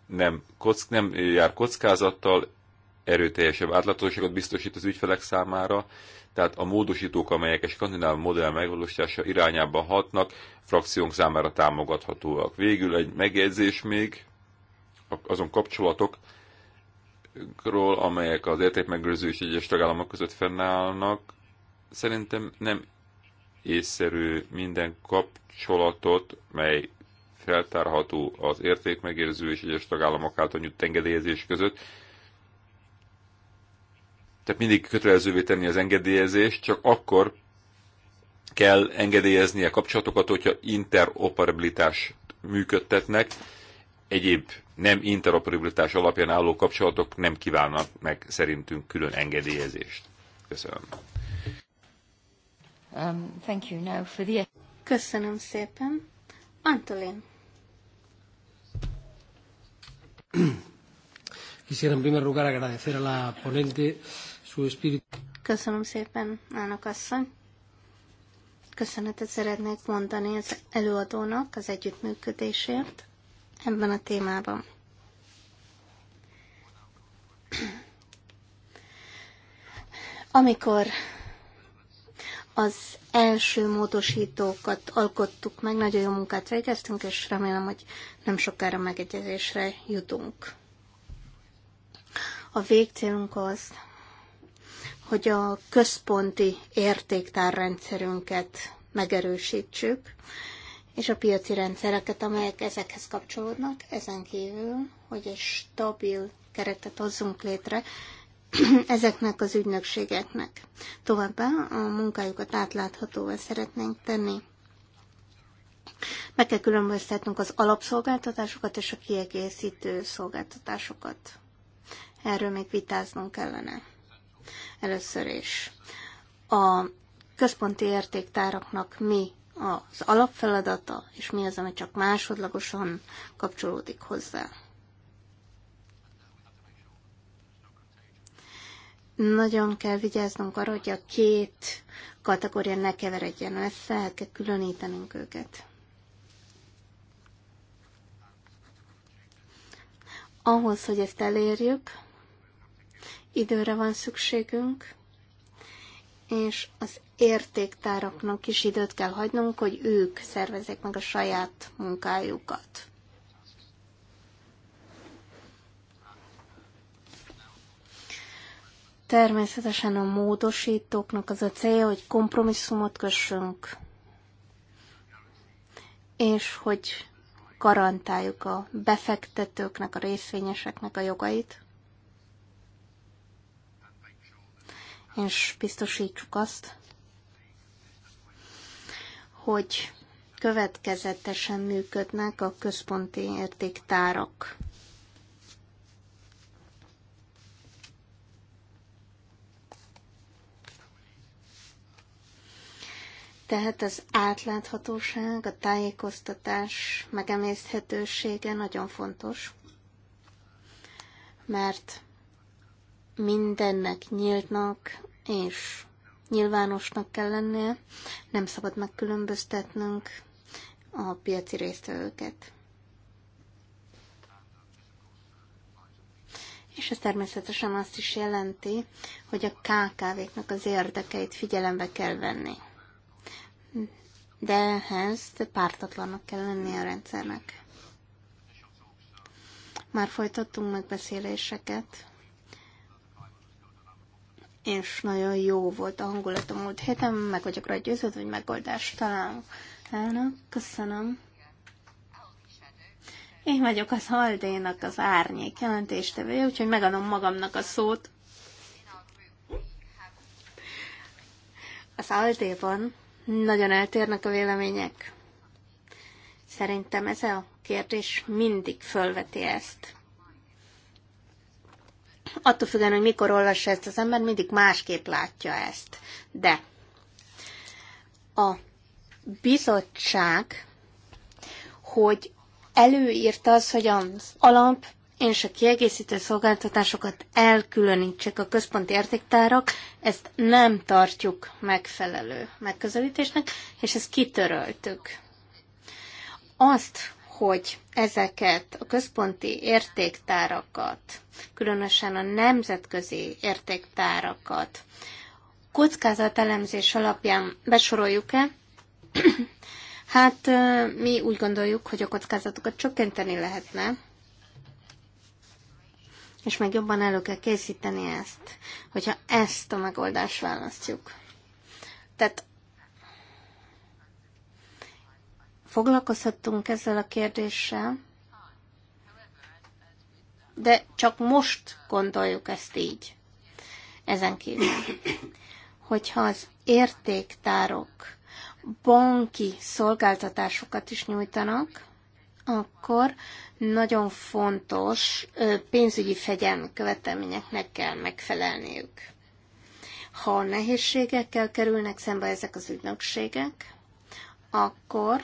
[SPEAKER 2] nem, kock, nem jár kockázattal, erőteljesebb átlatosságot biztosít az ügyfelek számára, tehát a módosítók, amelyek a skandináv modell megvalósítása irányába hatnak, frakciónk számára támogathatóak. Végül egy megjegyzés még, azon kapcsolatok, problémákról, amelyek az értékmegőrző és egyes tagállamok között fennállnak, szerintem nem észszerű minden kapcsolatot, mely feltárható az értékmegérző és egyes tagállamok által nyújt engedélyezés között. Tehát mindig kötelezővé tenni az engedélyezést, csak akkor kell engedélyezni a kapcsolatokat, hogyha interoperabilitást működtetnek, egyéb nem interoperabilitás alapján álló kapcsolatok nem kívánnak meg szerintünk külön engedélyezést. Köszönöm.
[SPEAKER 1] Um, thank you now for the... Köszönöm szépen. Antolin. Quisiera en primer lugar agradecer a la ponente su espíritu. Köszönöm szépen, Ánok asszony. Köszönetet szeretnék mondani az előadónak az együttműködésért ebben a témában. Amikor az első módosítókat alkottuk meg, nagyon jó munkát végeztünk, és remélem, hogy nem sokára megegyezésre jutunk. A végcélunk az, hogy a központi értéktárrendszerünket megerősítsük, és a piaci rendszereket, amelyek ezekhez kapcsolódnak, ezen kívül, hogy egy stabil keretet hozzunk létre ezeknek az ügynökségeknek. Továbbá a munkájukat átláthatóvá szeretnénk tenni. Meg kell különböztetnünk az alapszolgáltatásokat és a kiegészítő szolgáltatásokat. Erről még vitáznunk kellene. Először is. A központi értéktáraknak mi az alapfeladata, és mi az, ami csak másodlagosan kapcsolódik hozzá. Nagyon kell vigyáznunk arra, hogy a két kategória ne keveredjen össze, el kell különítenünk őket. Ahhoz, hogy ezt elérjük, időre van szükségünk, és az értéktáraknak is időt kell hagynunk, hogy ők szervezzék meg a saját munkájukat. Természetesen a módosítóknak az a célja, hogy kompromisszumot kössünk, és hogy garantáljuk a befektetőknek, a részvényeseknek a jogait. és biztosítsuk azt, hogy következetesen működnek a központi értéktárak. Tehát az átláthatóság, a tájékoztatás megemészhetősége nagyon fontos, mert mindennek nyíltnak, és nyilvánosnak kell lennie, nem szabad megkülönböztetnünk a piaci résztvevőket. És ez természetesen azt is jelenti, hogy a KKV-knak az érdekeit figyelembe kell venni. De ehhez pártatlannak kell lennie a rendszernek. Már folytattunk megbeszéléseket és nagyon jó volt a hangulat a múlt héten, meg vagyok rá győződ, hogy megoldást találunk. Elna, köszönöm. Én vagyok az Haldénak az árnyék jelentéstevője, úgyhogy megadom magamnak a szót. Az Aldéban nagyon eltérnek a vélemények. Szerintem ez a kérdés mindig fölveti ezt attól függően, hogy mikor olvassa ezt az ember, mindig másképp látja ezt. De a bizottság, hogy előírta az, hogy az alap és a kiegészítő szolgáltatásokat elkülönítsék a központi értéktárak, ezt nem tartjuk megfelelő megközelítésnek, és ezt kitöröltük. Azt, hogy ezeket a központi értéktárakat, különösen a nemzetközi értéktárakat kockázatelemzés alapján besoroljuk-e? hát mi úgy gondoljuk, hogy a kockázatokat csökkenteni lehetne, és meg jobban elő kell készíteni ezt, hogyha ezt a megoldást választjuk. Tehát Foglalkozhattunk ezzel a kérdéssel, de csak most gondoljuk ezt így. Ezen kívül, hogyha az értéktárok banki szolgáltatásokat is nyújtanak, akkor nagyon fontos pénzügyi fegyelmi követelményeknek kell megfelelniük. Ha nehézségekkel kerülnek szembe ezek az ügynökségek, akkor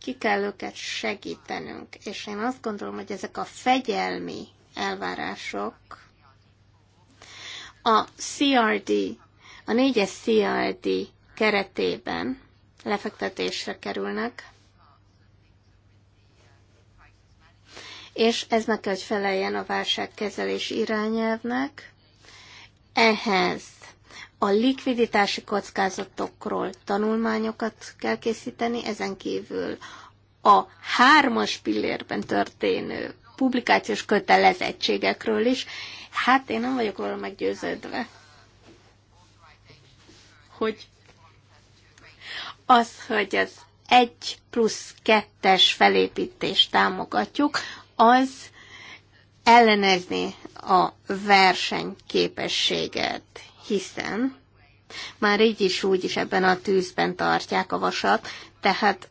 [SPEAKER 1] ki kell őket segítenünk. És én azt gondolom, hogy ezek a fegyelmi elvárások a CRD, a négyes CRD keretében lefektetésre kerülnek, és ez meg kell, hogy feleljen a válságkezelés irányelvnek. Ehhez a likviditási kockázatokról tanulmányokat kell készíteni, ezen kívül a hármas pillérben történő publikációs kötelezettségekről is. Hát én nem vagyok róla meggyőződve, hogy az, hogy az egy plusz kettes felépítést támogatjuk, az ellenezni a versenyképességet, hiszen már így is úgy is ebben a tűzben tartják a vasat, tehát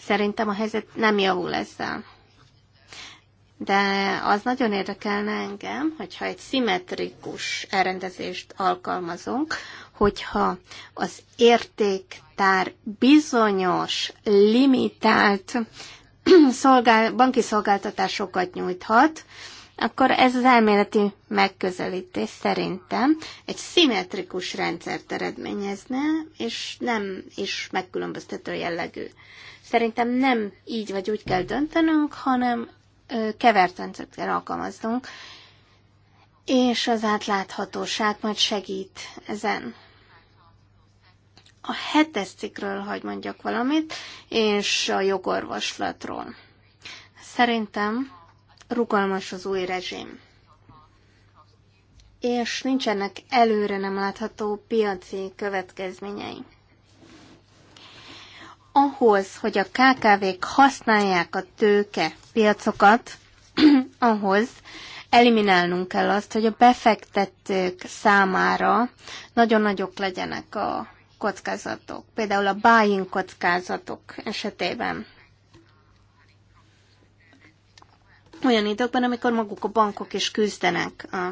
[SPEAKER 1] szerintem a helyzet nem javul ezzel. De az nagyon érdekelne engem, hogyha egy szimmetrikus elrendezést alkalmazunk, hogyha az értéktár bizonyos, limitált szolgál, banki szolgáltatásokat nyújthat, akkor ez az elméleti megközelítés szerintem egy szimmetrikus rendszert eredményezne, és nem is megkülönböztető jellegű. Szerintem nem így vagy úgy kell döntenünk, hanem kevert rendszert kell alkalmaznunk, és az átláthatóság majd segít ezen a hetes cikről, hagy mondjak valamit, és a jogorvoslatról. Szerintem rugalmas az új rezsim. És nincsenek előre nem látható piaci következményei. Ahhoz, hogy a KKV-k használják a tőke piacokat, ahhoz eliminálnunk kell azt, hogy a befektetők számára nagyon nagyok legyenek a kockázatok, például a buying kockázatok esetében. olyan időkben, amikor maguk a bankok is küzdenek a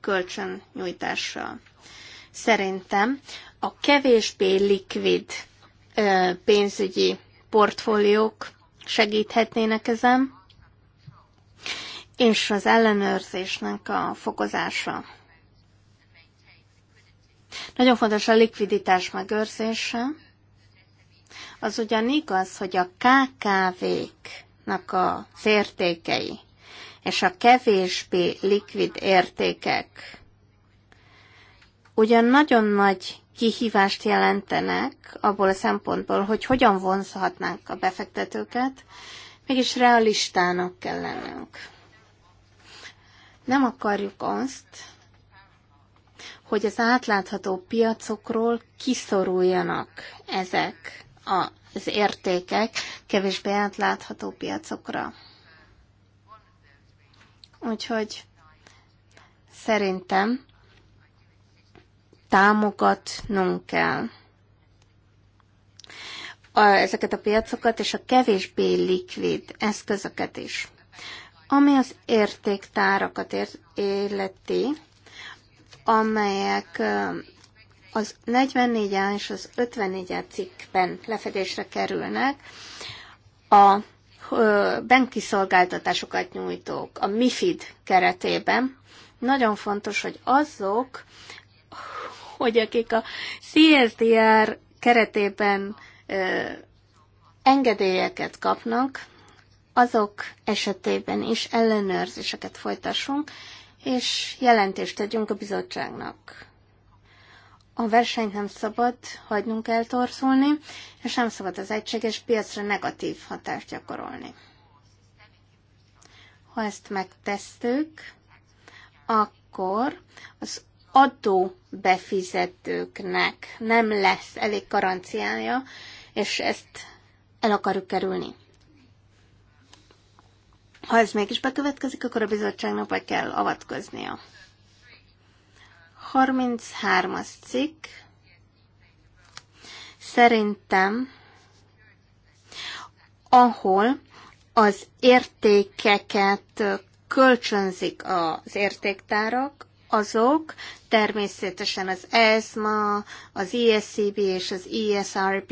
[SPEAKER 1] kölcsönnyújtással. Szerintem a kevésbé likvid pénzügyi portfóliók segíthetnének ezen, és az ellenőrzésnek a fokozása. Nagyon fontos a likviditás megőrzése. Az ugyan igaz, hogy a KKV-knak a értékei és a kevésbé likvid értékek ugyan nagyon nagy kihívást jelentenek abból a szempontból, hogy hogyan vonzhatnánk a befektetőket, mégis realistának kell lennünk. Nem akarjuk azt, hogy az átlátható piacokról kiszoruljanak ezek az értékek kevésbé átlátható piacokra. Úgyhogy szerintem támogatnunk kell a, ezeket a piacokat és a kevésbé likvid eszközöket is. Ami az értéktárakat életi, amelyek az 44 és az 54 cikkben lefedésre kerülnek, a banki szolgáltatásokat nyújtók a MIFID keretében, nagyon fontos, hogy azok, hogy akik a CSDR keretében engedélyeket kapnak, azok esetében is ellenőrzéseket folytassunk, és jelentést tegyünk a bizottságnak a versenyt nem szabad hagynunk eltorzulni, és nem szabad az egységes piacra negatív hatást gyakorolni. Ha ezt megtesztük, akkor az adó befizetőknek nem lesz elég garanciája, és ezt el akarjuk kerülni. Ha ez mégis bekövetkezik, akkor a bizottságnak be kell avatkoznia. 33-as cikk. Szerintem, ahol az értékeket kölcsönzik az értéktárak, azok természetesen az ESMA, az ISCB és az ISRB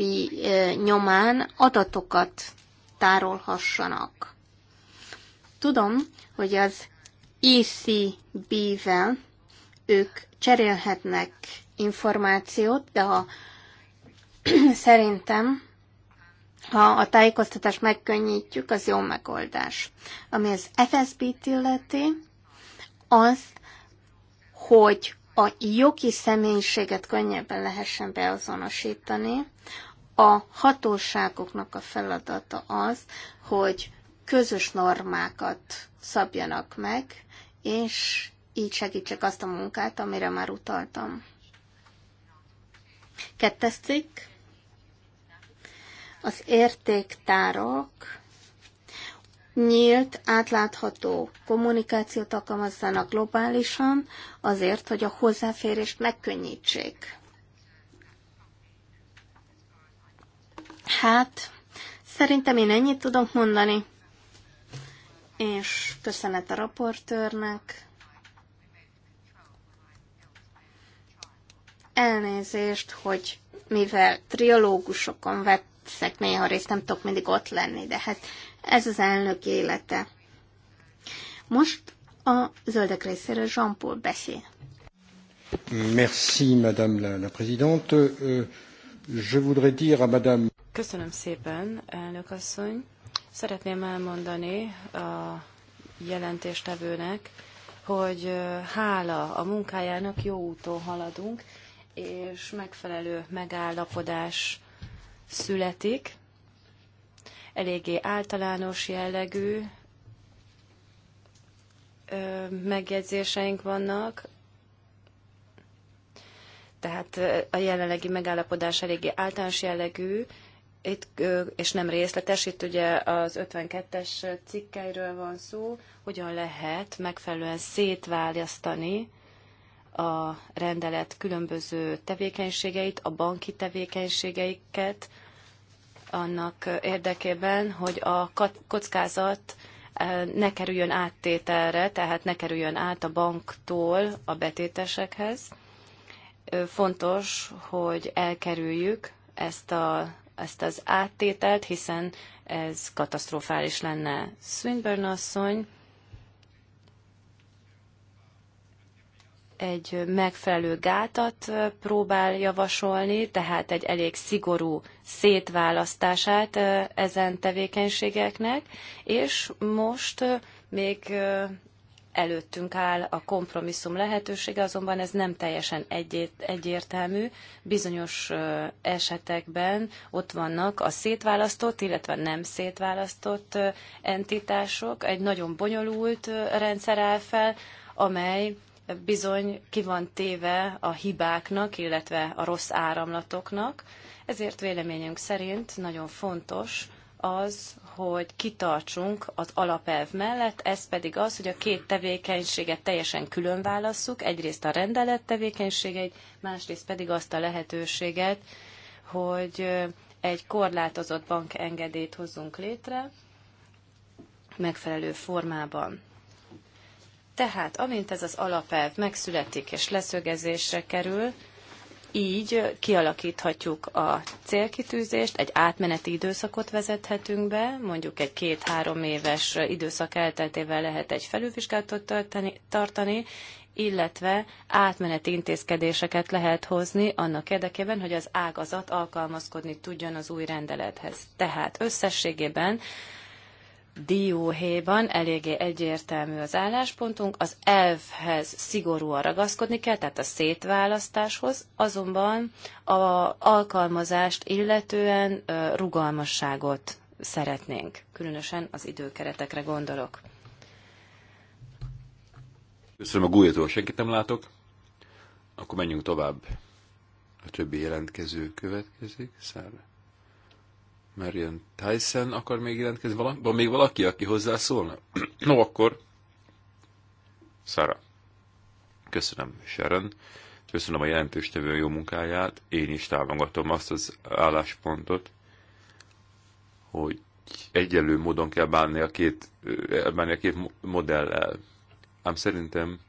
[SPEAKER 1] nyomán adatokat tárolhassanak. Tudom, hogy az ECB-vel ők cserélhetnek információt, de ha szerintem, ha a tájékoztatást megkönnyítjük, az jó megoldás. Ami az FSB-t illeti, az, hogy a jogi személyiséget könnyebben lehessen beazonosítani, a hatóságoknak a feladata az, hogy közös normákat szabjanak meg, és így segítsek azt a munkát, amire már utaltam. Kettes cikk. Az értéktárok nyílt, átlátható kommunikációt alkalmazzanak globálisan, azért, hogy a hozzáférést megkönnyítsék. Hát, szerintem én ennyit tudok mondani, és köszönet a raportőrnek, Elnézést, hogy mivel triológusokon veszek néha részt, nem tudok mindig ott lenni, de hát ez az elnök élete. Most a zöldek részéről Jean-Paul beszél. Merci, Madame la, la Présidente. Euh, je voudrais dire à Madame...
[SPEAKER 3] Köszönöm szépen, elnök asszony. Szeretném elmondani a jelentéstevőnek, hogy hála a munkájának jó úton haladunk, és megfelelő megállapodás születik. Eléggé általános jellegű megjegyzéseink vannak, tehát a jelenlegi megállapodás eléggé általános jellegű, itt, és nem részletes, itt ugye az 52-es cikkeiről van szó, hogyan lehet megfelelően szétválasztani a rendelet különböző tevékenységeit, a banki tevékenységeiket annak érdekében, hogy a kockázat e, ne kerüljön áttételre, tehát ne kerüljön át a banktól a betétesekhez. Fontos, hogy elkerüljük ezt, a, ezt az áttételt, hiszen ez katasztrofális lenne. Swinburne asszony egy megfelelő gátat próbál javasolni, tehát egy elég szigorú szétválasztását ezen tevékenységeknek, és most még előttünk áll a kompromisszum lehetősége, azonban ez nem teljesen egyértelmű. Bizonyos esetekben ott vannak a szétválasztott, illetve nem szétválasztott entitások. Egy nagyon bonyolult rendszer áll fel, amely bizony ki van téve a hibáknak, illetve a rossz áramlatoknak, ezért véleményünk szerint nagyon fontos az, hogy kitartsunk az alapelv mellett, ez pedig az, hogy a két tevékenységet teljesen külön válasszuk, egyrészt a rendelet tevékenységeit, másrészt pedig azt a lehetőséget, hogy egy korlátozott bankengedélyt hozzunk létre megfelelő formában. Tehát, amint ez az alapelv megszületik és leszögezésre kerül, így kialakíthatjuk a célkitűzést, egy átmeneti időszakot vezethetünk be, mondjuk egy két-három éves időszak elteltével lehet egy felülvizsgálatot tartani, tartani, illetve átmeneti intézkedéseket lehet hozni annak érdekében, hogy az ágazat alkalmazkodni tudjon az új rendelethez. Tehát összességében dióhéjban eléggé egyértelmű az álláspontunk, az elvhez szigorúan ragaszkodni kell, tehát a szétválasztáshoz, azonban a alkalmazást illetően rugalmasságot szeretnénk, különösen az időkeretekre gondolok.
[SPEAKER 2] Köszönöm a gújatól, senkit nem látok. Akkor menjünk tovább. A többi jelentkező következik. Szára ilyen Tyson akar még jelentkezni? Valaki, van még valaki, aki hozzászólna? no, akkor Szara. Köszönöm, Sharon. Köszönöm a jelentőstevő jó munkáját. Én is támogatom azt az álláspontot, hogy egyenlő módon kell bánni a két, bánni a két modellel. Ám szerintem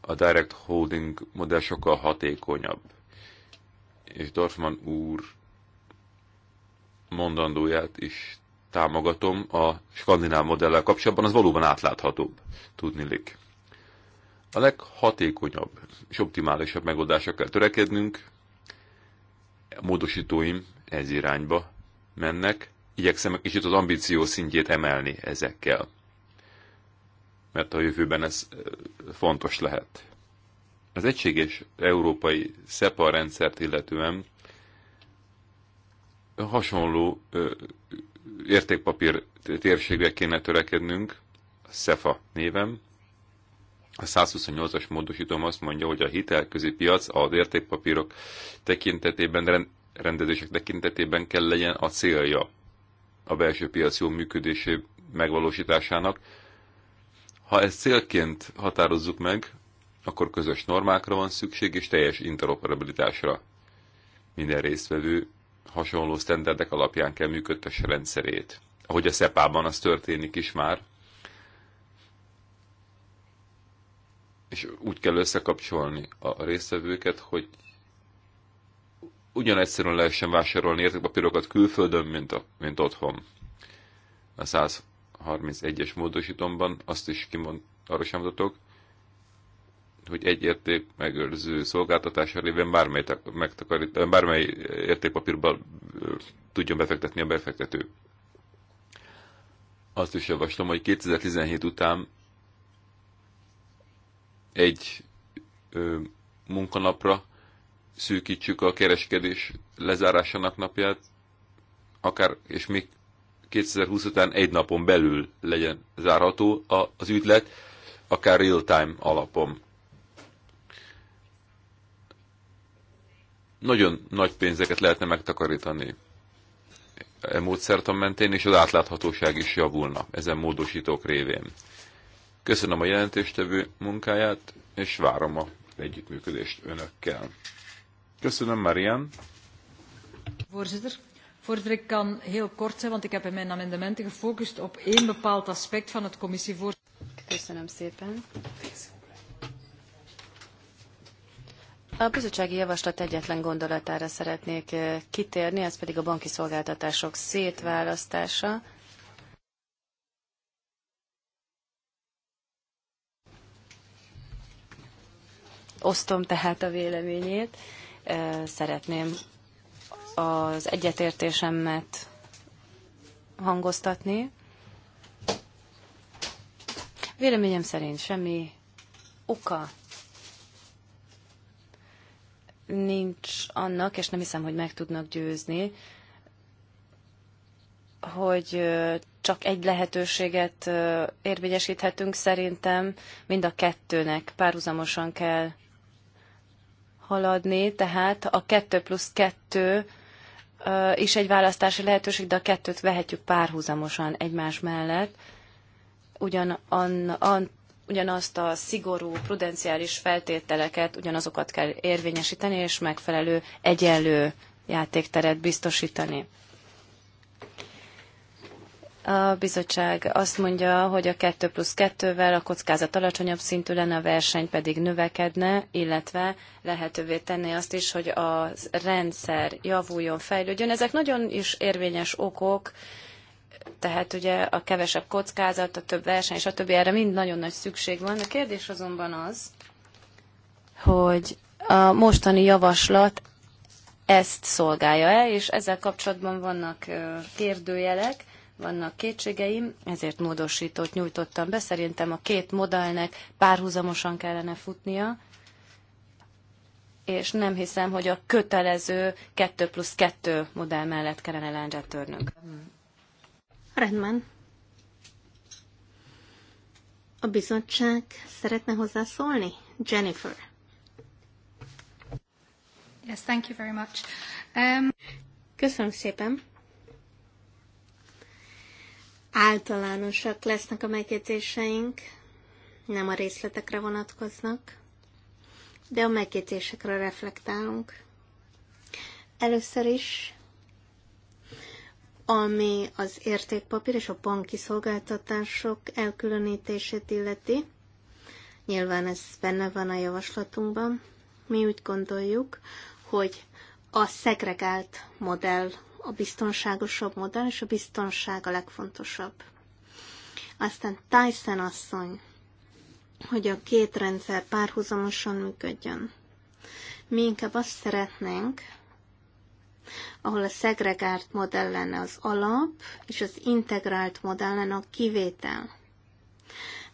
[SPEAKER 2] a direct holding modell sokkal hatékonyabb. És Dorfman úr mondandóját is támogatom a skandináv modellel kapcsolatban, az valóban átláthatóbb, tudnilik. A leghatékonyabb és optimálisabb megoldásra kell törekednünk, a módosítóim ez irányba mennek, igyekszem egy kicsit az ambíció szintjét emelni ezekkel, mert a jövőben ez fontos lehet. Az egységes európai SEPA rendszert illetően hasonló értékpapír térségre kéne törekednünk, a SEFA névem. A 128-as módosítom azt mondja, hogy a hitelközi piac az értékpapírok tekintetében, rendezések tekintetében kell legyen a célja a belső piac jó működésé megvalósításának. Ha ezt célként határozzuk meg, akkor közös normákra van szükség és teljes interoperabilitásra. Minden résztvevő hasonló sztenderdek alapján kell működtesse rendszerét. Ahogy a SEPA-ban az történik is már. És úgy kell összekapcsolni a résztvevőket, hogy ugyan egyszerűen lehessen vásárolni értékpapírokat külföldön, mint, a, mint otthon. A 131-es módosítomban azt is kimond, arra sem mutatok, hogy egy érték megőrző szolgáltatása révén bármely, megtakarít, bármely értékpapírba tudjon befektetni a befektető. Azt is javaslom, hogy 2017 után egy ö, munkanapra szűkítsük a kereskedés lezárásának napját, akár és még 2020 után egy napon belül legyen zárható az ügylet, akár real-time alapon. Nagyon nagy pénzeket lehetne megtakarítani e módszertan mentén, és az átláthatóság is javulna ezen módosítók révén. Köszönöm a jelentéstevő munkáját, és várom a együttműködést önökkel. Köszönöm, Marian.
[SPEAKER 3] Voorzitter, voorzitter, ik kan heel kort zijn, want ik heb in mijn amendementen gefocust op één bepaald aspect van het commissievoorstel. Köszönöm szépen. A bizottsági javaslat egyetlen gondolatára szeretnék kitérni, ez pedig a banki szolgáltatások szétválasztása. Osztom tehát a véleményét. Szeretném az egyetértésemet hangoztatni. Véleményem szerint semmi oka nincs annak, és nem hiszem, hogy meg tudnak győzni, hogy csak egy lehetőséget érvényesíthetünk. Szerintem mind a kettőnek párhuzamosan kell haladni, tehát a kettő plusz kettő is egy választási lehetőség, de a kettőt vehetjük párhuzamosan egymás mellett. Ugyan an, an, ugyanazt a szigorú, prudenciális feltételeket, ugyanazokat kell érvényesíteni, és megfelelő, egyenlő játékteret biztosítani. A bizottság azt mondja, hogy a 2 plusz 2-vel a kockázat alacsonyabb szintű lenne, a verseny pedig növekedne, illetve lehetővé tenné azt is, hogy a rendszer javuljon, fejlődjön. Ezek nagyon is érvényes okok, tehát ugye a kevesebb kockázat, a több verseny, és a többi erre mind nagyon nagy szükség van. A kérdés azonban az, hogy a mostani javaslat ezt szolgálja el, és ezzel kapcsolatban vannak kérdőjelek, vannak kétségeim, ezért módosítót nyújtottam be. Szerintem a két modellnek párhuzamosan kellene futnia, és nem hiszem, hogy a kötelező 2 plusz 2 modell mellett kellene láncsát törnünk.
[SPEAKER 1] Rendben. A bizottság szeretne hozzászólni? Jennifer. Yes, thank you very much. Um... Köszönöm szépen. Általánosak lesznek a megjegyzéseink, nem a részletekre vonatkoznak, de a megjegyzésekre reflektálunk. Először is ami az értékpapír és a banki szolgáltatások elkülönítését illeti. Nyilván ez benne van a javaslatunkban. Mi úgy gondoljuk, hogy a szegregált modell a biztonságosabb modell, és a biztonság a legfontosabb. Aztán Tyson asszony, hogy a két rendszer párhuzamosan működjön. Mi inkább azt szeretnénk, ahol a szegregált modell lenne az alap, és az integrált modell lenne a kivétel.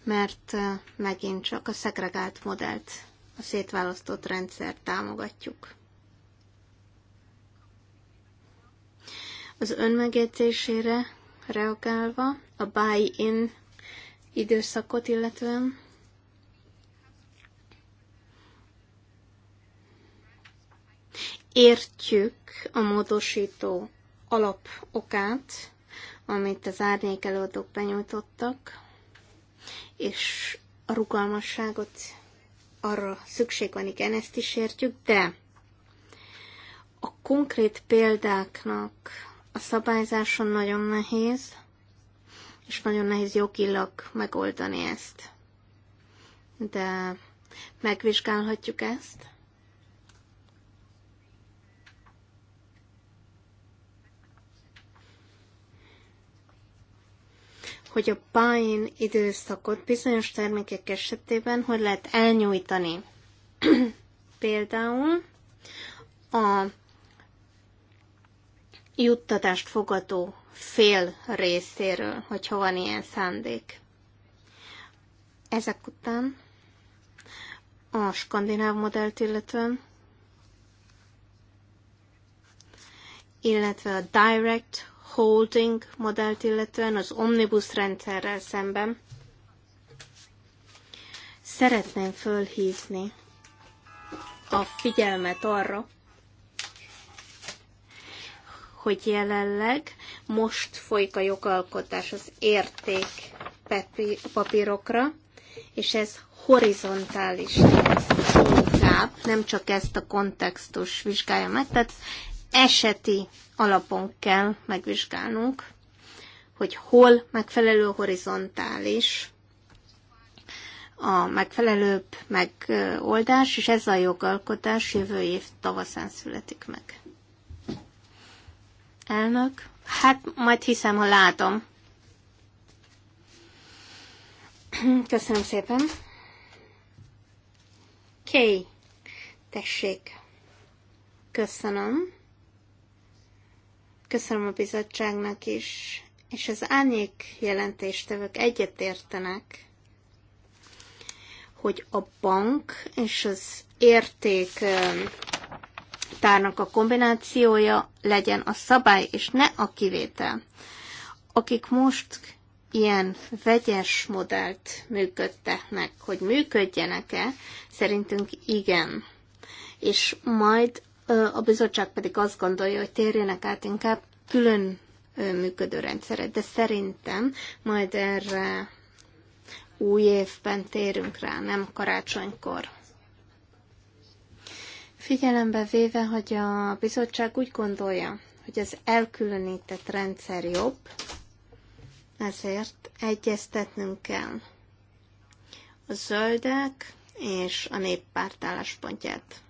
[SPEAKER 1] Mert megint csak a szegregált modellt, a szétválasztott rendszert támogatjuk. Az önmegjegyzésére reagálva, a buy-in időszakot illetően, értjük a módosító okát, amit az árnyék előadók benyújtottak, és a rugalmasságot arra szükség van, igen, ezt is értjük, de a konkrét példáknak a szabályzáson nagyon nehéz, és nagyon nehéz jogilag megoldani ezt. De megvizsgálhatjuk ezt hogy a buy-in időszakot bizonyos termékek esetében hogy lehet elnyújtani. Például a juttatást fogadó fél részéről, hogyha van ilyen szándék. Ezek után a skandináv modellt illetően, illetve a direct holding modellt illetően, az omnibus rendszerrel szemben szeretném fölhívni a figyelmet arra, hogy jelenleg most folyik a jogalkotás az érték papírokra, és ez horizontális inkább, nem csak ezt a kontextus vizsgálja meg, tehát eseti alapon kell megvizsgálnunk, hogy hol megfelelő horizontális a megfelelőbb megoldás, és ez a jogalkotás jövő év tavaszán születik meg. Elnök? Hát majd hiszem, ha látom. Köszönöm szépen. Okay. tessék. Köszönöm. Köszönöm a bizottságnak is, és az árnyék jelentéstevők egyetértenek, hogy a bank és az érték tárnak a kombinációja legyen a szabály, és ne a kivétel. Akik most ilyen vegyes modellt működtetnek, hogy működjenek-e, szerintünk igen. És majd a bizottság pedig azt gondolja, hogy térjenek át inkább külön működő rendszerre, de szerintem majd erre új évben térünk rá, nem karácsonykor. Figyelembe véve, hogy a bizottság úgy gondolja, hogy az elkülönített rendszer jobb, ezért egyeztetnünk kell a zöldek és a néppárt álláspontját.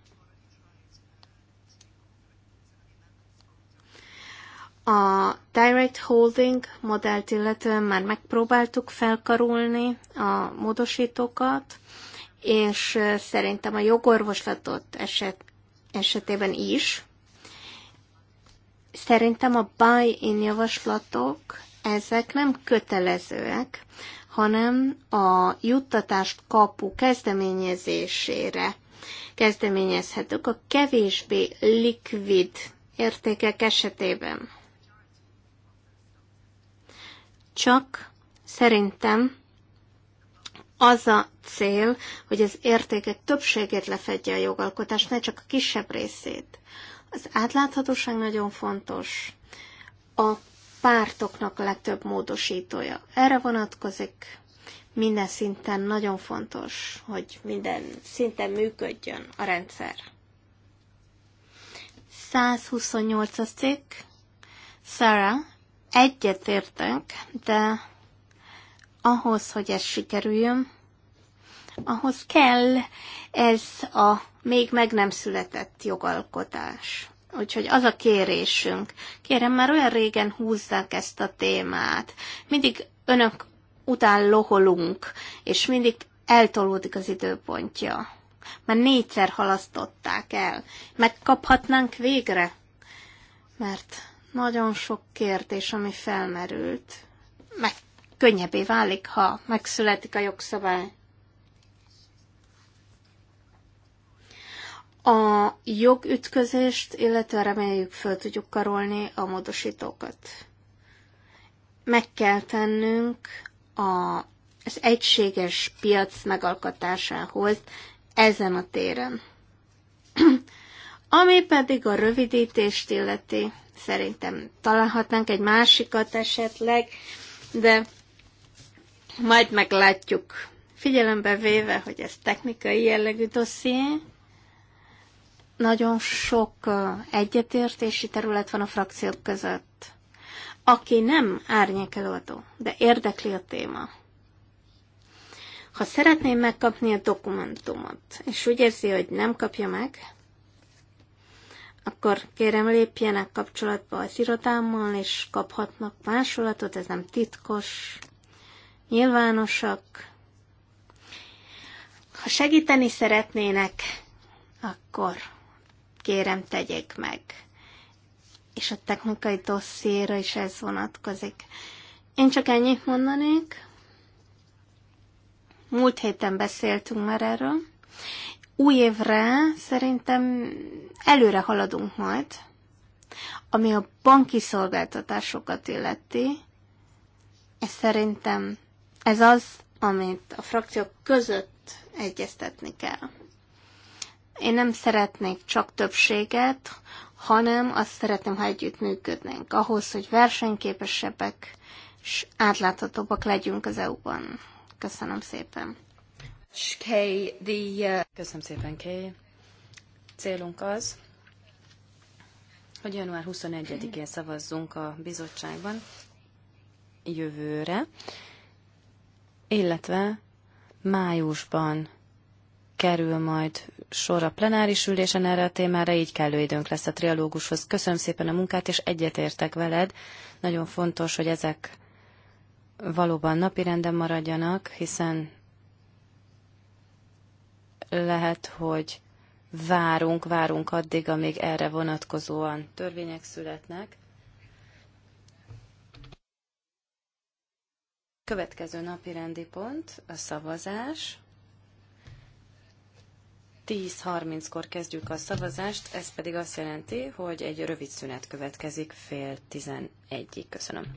[SPEAKER 1] A direct holding modellt illetően már megpróbáltuk felkarulni a módosítókat, és szerintem a jogorvoslatot eset, esetében is. Szerintem a buy-in javaslatok, ezek nem kötelezőek, hanem a juttatást kapu kezdeményezésére kezdeményezhetők a kevésbé likvid értékek esetében csak szerintem az a cél, hogy az értékek többségét lefedje a jogalkotás, ne csak a kisebb részét. Az átláthatóság nagyon fontos. A pártoknak a legtöbb módosítója. Erre vonatkozik minden szinten nagyon fontos, hogy minden szinten működjön a rendszer. 128-as cikk. Sarah egyet értünk, de ahhoz, hogy ez sikerüljön, ahhoz kell ez a még meg nem született jogalkotás. Úgyhogy az a kérésünk. Kérem, már olyan régen húzzák ezt a témát. Mindig önök után loholunk, és mindig eltolódik az időpontja. Már négyszer halasztották el. Megkaphatnánk végre? Mert nagyon sok kérdés, ami felmerült, meg könnyebbé válik, ha megszületik a jogszabály. A jogütközést, illetve reméljük föl tudjuk karolni a módosítókat. Meg kell tennünk a, az egységes piac megalkotásához ezen a téren. Ami pedig a rövidítést illeti, szerintem találhatnánk egy másikat esetleg, de majd meglátjuk. Figyelembe véve, hogy ez technikai jellegű dosszié, nagyon sok egyetértési terület van a frakciók között. Aki nem árnyékelőadó, de érdekli a téma, ha szeretném megkapni a dokumentumot, és úgy érzi, hogy nem kapja meg, akkor kérem lépjenek kapcsolatba az irodámmal, és kaphatnak másolatot, ez nem titkos, nyilvánosak. Ha segíteni szeretnének, akkor kérem tegyék meg. És a technikai dossziéra is ez vonatkozik. Én csak ennyit mondanék. Múlt héten beszéltünk már erről új évre szerintem előre haladunk majd, ami a banki szolgáltatásokat illeti. Ez szerintem ez az, amit a frakciók között egyeztetni kell. Én nem szeretnék csak többséget, hanem azt szeretném, ha működnénk, ahhoz, hogy versenyképesebbek és átláthatóbbak legyünk az EU-ban. Köszönöm szépen!
[SPEAKER 3] Uh, Köszönöm szépen, Kay. Célunk az, hogy január 21-én szavazzunk a bizottságban jövőre, illetve májusban kerül majd sor a plenáris ülésen erre a témára, így kellő időnk lesz a trialógushoz. Köszönöm szépen a munkát, és egyetértek veled. Nagyon fontos, hogy ezek valóban napirenden maradjanak, hiszen lehet, hogy várunk, várunk addig, amíg erre vonatkozóan törvények születnek. Következő napi rendi pont a szavazás. 10.30-kor kezdjük a szavazást, ez pedig azt jelenti, hogy egy rövid szünet következik fél 11-ig. Köszönöm.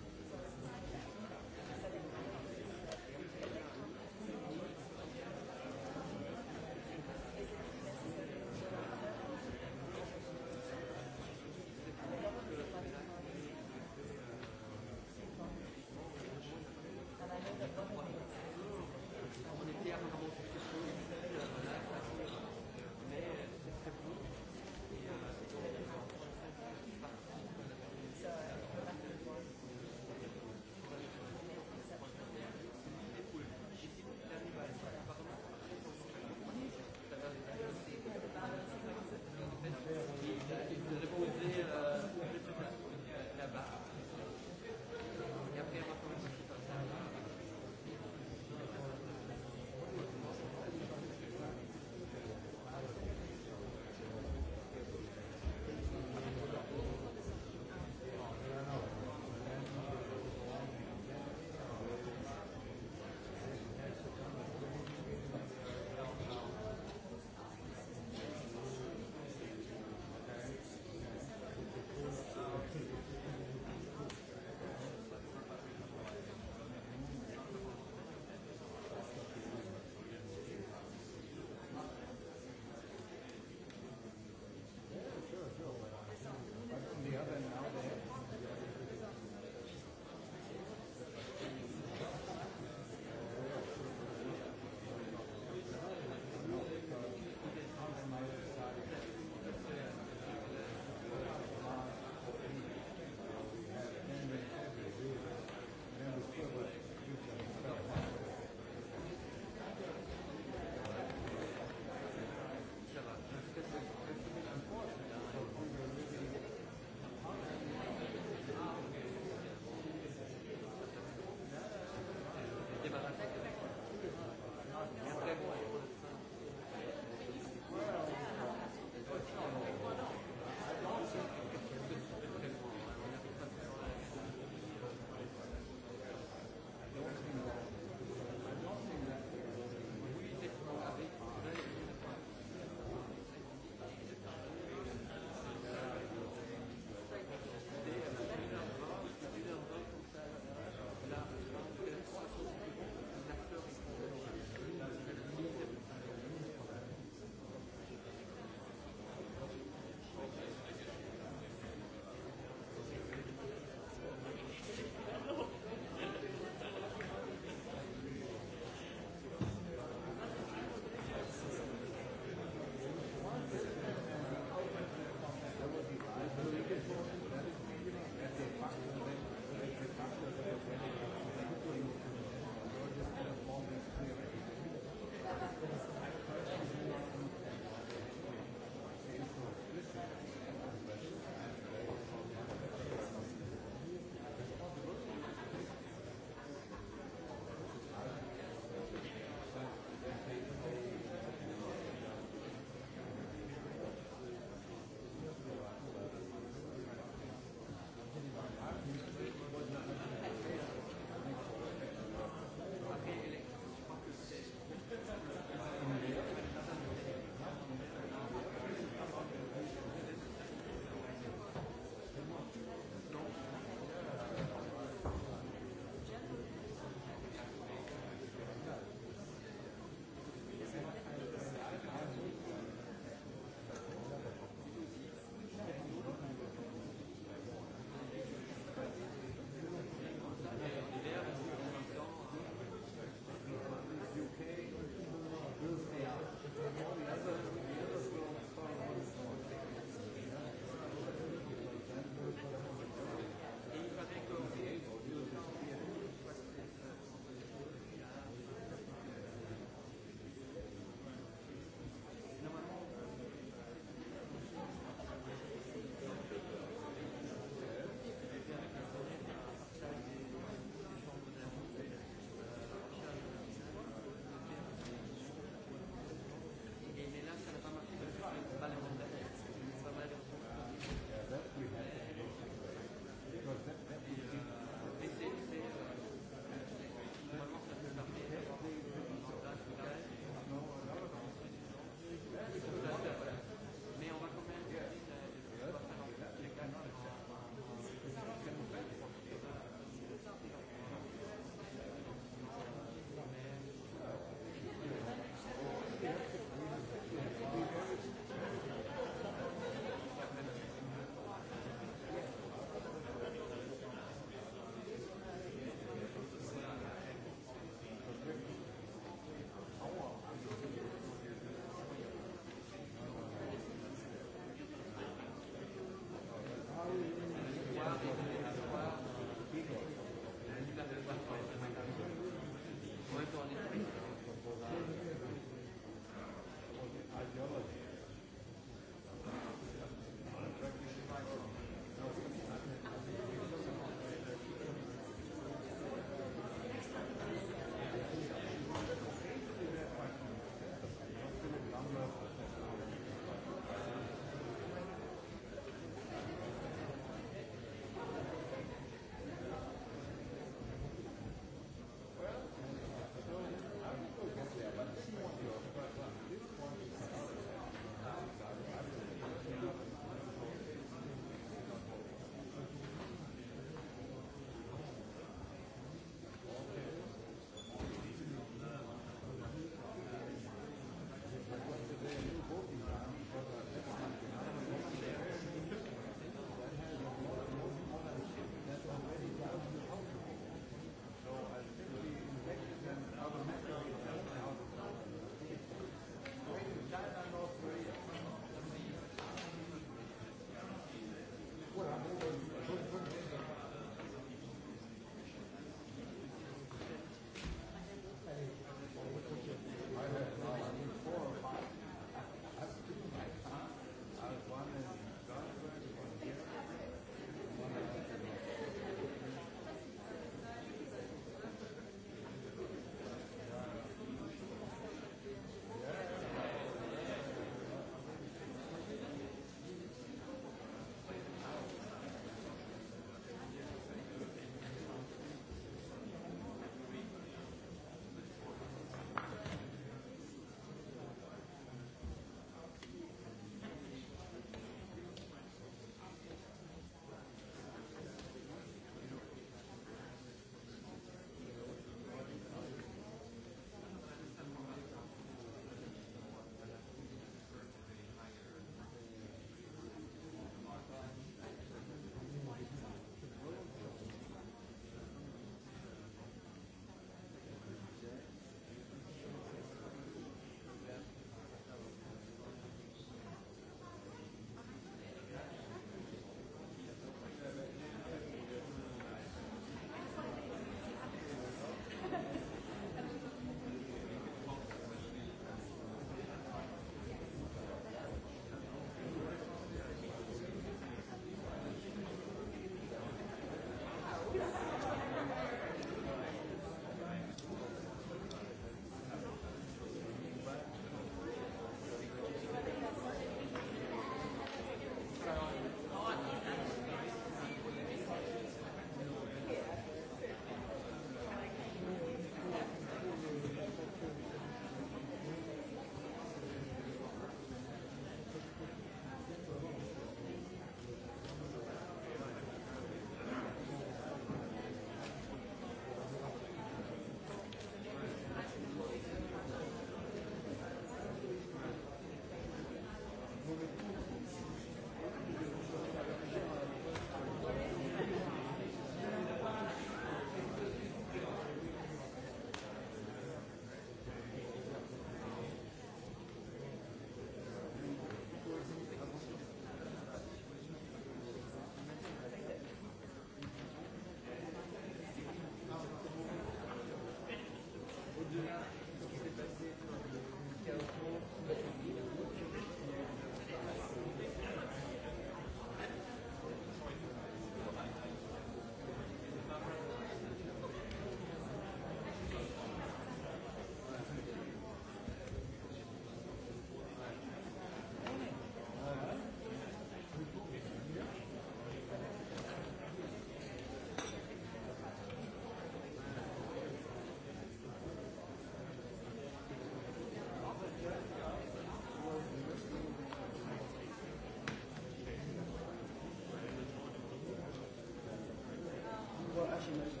[SPEAKER 3] Köszönöm.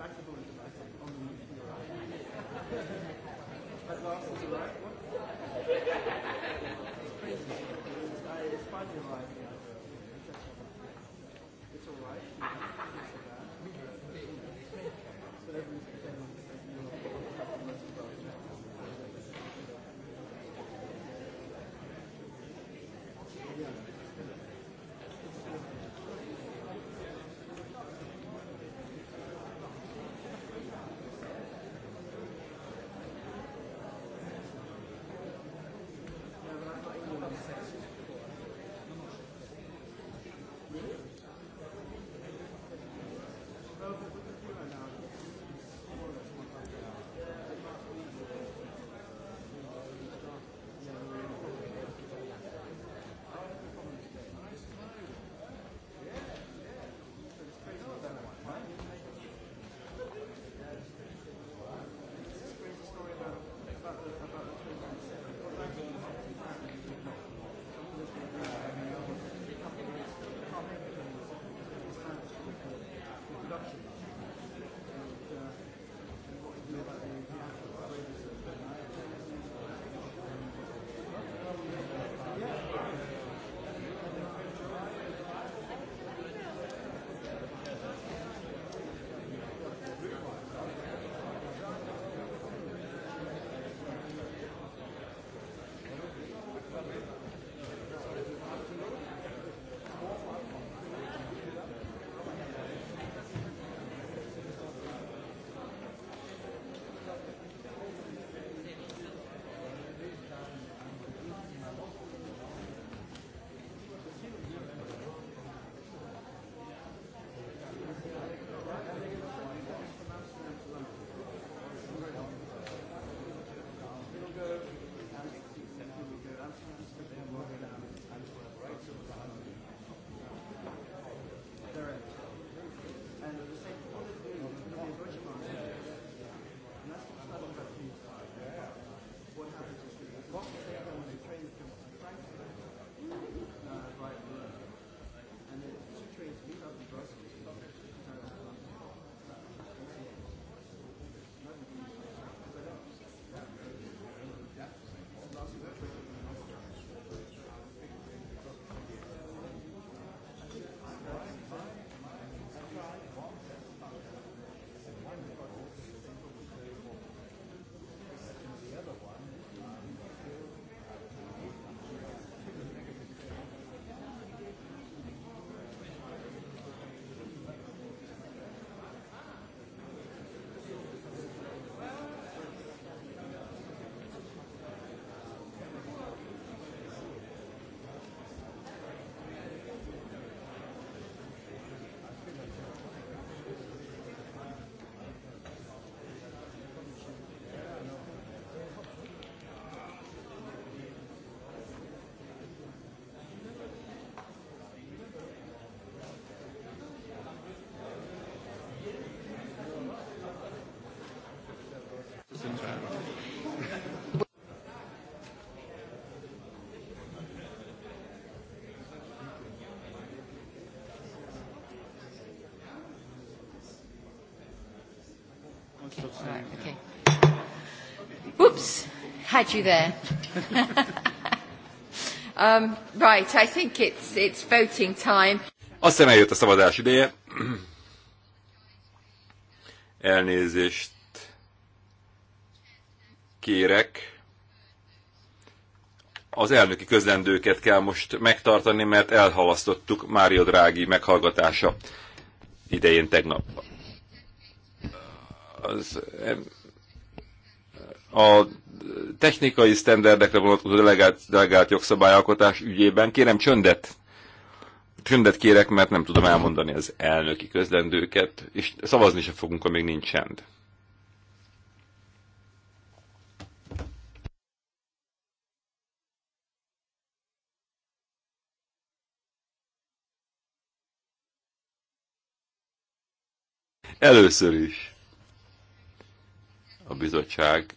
[SPEAKER 1] It's all right. So okay.
[SPEAKER 3] Whoops, had you there. um,
[SPEAKER 1] right, I think it's, it's voting time.
[SPEAKER 2] Azt hiszem eljött a szavazás ideje. Elnézést kérek. Az elnöki közlendőket kell most megtartani, mert elhalasztottuk Mário Drági meghallgatása idején tegnap az a technikai sztenderdekre vonatkozó delegált, delegált jogszabályalkotás ügyében kérem csöndet. Csöndet kérek, mert nem tudom elmondani az elnöki közlendőket, és szavazni sem fogunk, amíg nincs csend. Először is a bizottság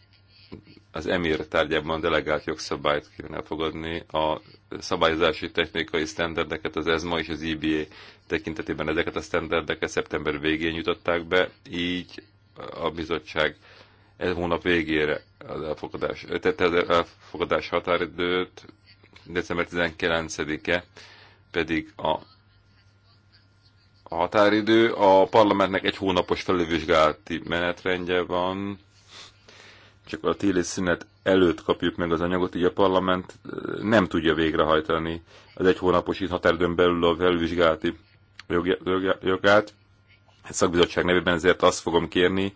[SPEAKER 2] az emír tárgyában delegált jogszabályt kéne fogadni a szabályozási technikai sztenderdeket, az ESMA és az IBA tekintetében ezeket a sztenderdeket szeptember végén jutották be, így a bizottság ez hónap végére az elfogadás, tette az elfogadás határidőt, december 19-e pedig a a határidő. A parlamentnek egy hónapos felülvizsgálati menetrendje van, csak a téli szünet előtt kapjuk meg az anyagot, így a parlament nem tudja végrehajtani az egy hónapos határidőn belül a felvizsgálati jogát. A szakbizottság nevében ezért azt fogom kérni,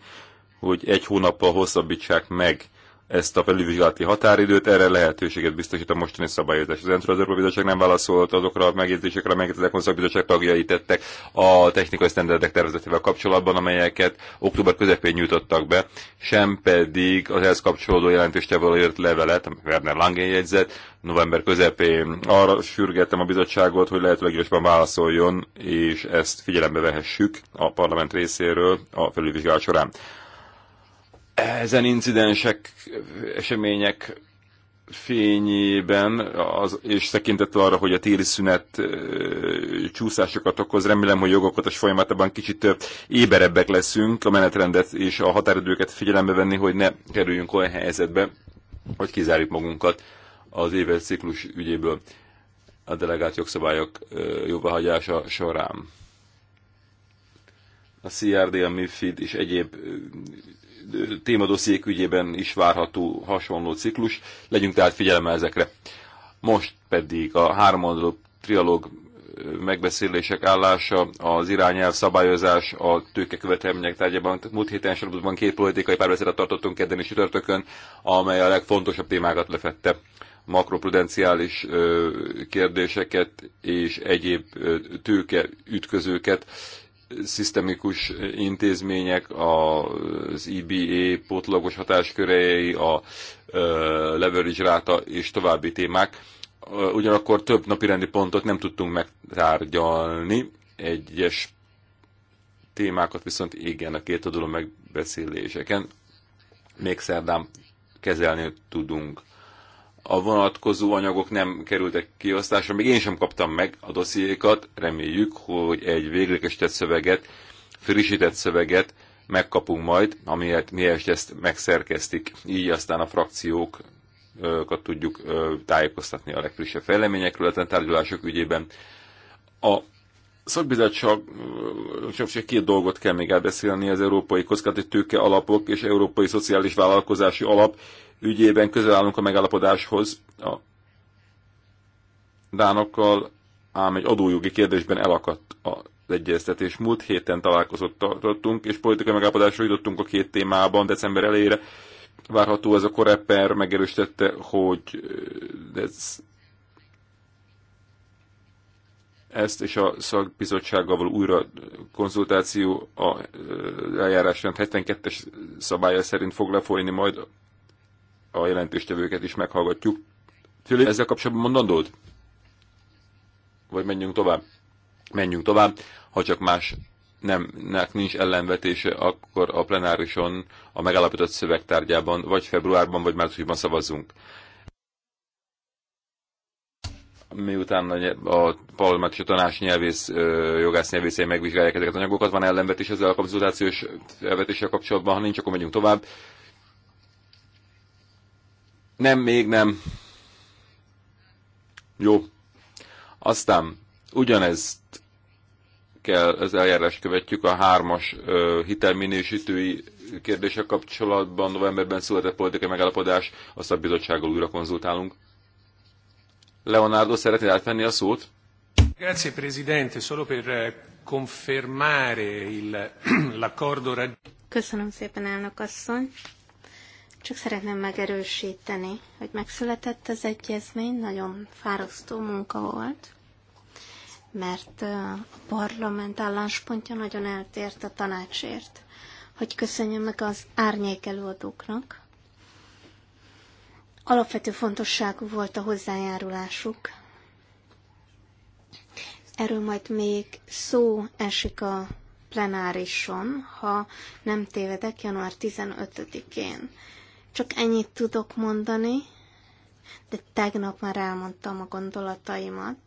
[SPEAKER 2] hogy egy hónappal hosszabbítsák meg ezt a felülvizsgálati határidőt, erre lehetőséget biztosít a mostani szabályozás. Az Európai Bizottság nem válaszolt azokra a megjegyzésekre, amelyeket az Ekonszak Bizottság tagjai tettek a technikai sztenderdek tervezetével kapcsolatban, amelyeket október közepén nyújtottak be, sem pedig az ehhez kapcsolódó jelentéstevől jött levelet, amit Werner Langen jegyzett, november közepén. Arra sürgettem a bizottságot, hogy lehetőleg gyorsban válaszoljon, és ezt figyelembe vehessük a parlament részéről a felülvizsgálat során ezen incidensek, események fényében, az, és tekintettel arra, hogy a téli szünet ö, csúszásokat okoz, remélem, hogy jogokatos folyamatában kicsit ö, éberebbek leszünk a menetrendet és a határidőket figyelembe venni, hogy ne kerüljünk olyan helyzetbe, hogy kizárjuk magunkat az éves ciklus ügyéből a delegált jogszabályok jóváhagyása során. A CRD, a MIFID és egyéb témadossziék ügyében is várható hasonló ciklus, legyünk tehát figyelme ezekre. Most pedig a háromadó trialog megbeszélések állása, az irányelv szabályozás, a tőkekövetelmények tárgyában. Múlt héten sorozatban két politikai párbeszédet tartottunk kedden és csütörtökön, amely a legfontosabb témákat lefette makroprudenciális kérdéseket és egyéb tőke ütközőket szisztemikus intézmények, az IBA potlagos hatáskörei, a leverage ráta és további témák. Ugyanakkor több napirendi pontot nem tudtunk megtárgyalni, egyes témákat viszont igen, a két aduló megbeszéléseken még szerdán kezelni tudunk a vonatkozó anyagok nem kerültek kiosztásra, még én sem kaptam meg a dossziékat, reméljük, hogy egy véglegesített szöveget, frissített szöveget megkapunk majd, amiért mi ezt megszerkeztik, így aztán a frakciókat tudjuk tájékoztatni a legfrissebb fejleményekről, a tárgyalások ügyében. A szakbizottság csak, csak két dolgot kell még elbeszélni, az európai kockázati tőke alapok és európai szociális vállalkozási alap ügyében közel állunk a megállapodáshoz a dánokkal, ám egy adójogi kérdésben elakadt az egyeztetés. Múlt héten találkozott tartottunk, és politikai megállapodásra jutottunk a két témában december elejére. Várható ez a koreper megerősítette, hogy ez ezt és a szakbizottsággal való újra konzultáció a eljárásrend 72-es szabálya szerint fog lefolyni majd a jelentéstevőket is meghallgatjuk. Filip, ezzel kapcsolatban mondandód? Vagy menjünk tovább? Menjünk tovább. Ha csak más nem, nincs ellenvetése, akkor a plenárison a megállapított szövegtárgyában vagy februárban, vagy márciusban szavazzunk. Miután a parlamenti tanács nyelvész, jogász nyelvészei megvizsgálják ezeket a anyagokat, van ellenvetés ezzel a konzultációs elvetéssel kapcsolatban, ha nincs, akkor megyünk tovább. Nem, még nem. Jó. Aztán ugyanezt kell, az eljárás követjük a hármas ö, hitelminősítői kérdése kapcsolatban. Novemberben született politikai megállapodás, a szakbizottsággal újra konzultálunk. Leonardo, szeretnél átvenni a szót? Grazie Presidente, solo per eh, confermare il, l'accordo
[SPEAKER 1] Köszönöm szépen, elnök asszony. Csak szeretném megerősíteni, hogy megszületett az egyezmény, nagyon fárasztó munka volt, mert a parlament álláspontja nagyon eltért a tanácsért. Hogy köszönjem meg az árnyékelőadóknak. Alapvető fontosságú volt a hozzájárulásuk. Erről majd még szó esik a plenárison, ha nem tévedek, január 15-én. Csak ennyit tudok mondani, de tegnap már elmondtam a gondolataimat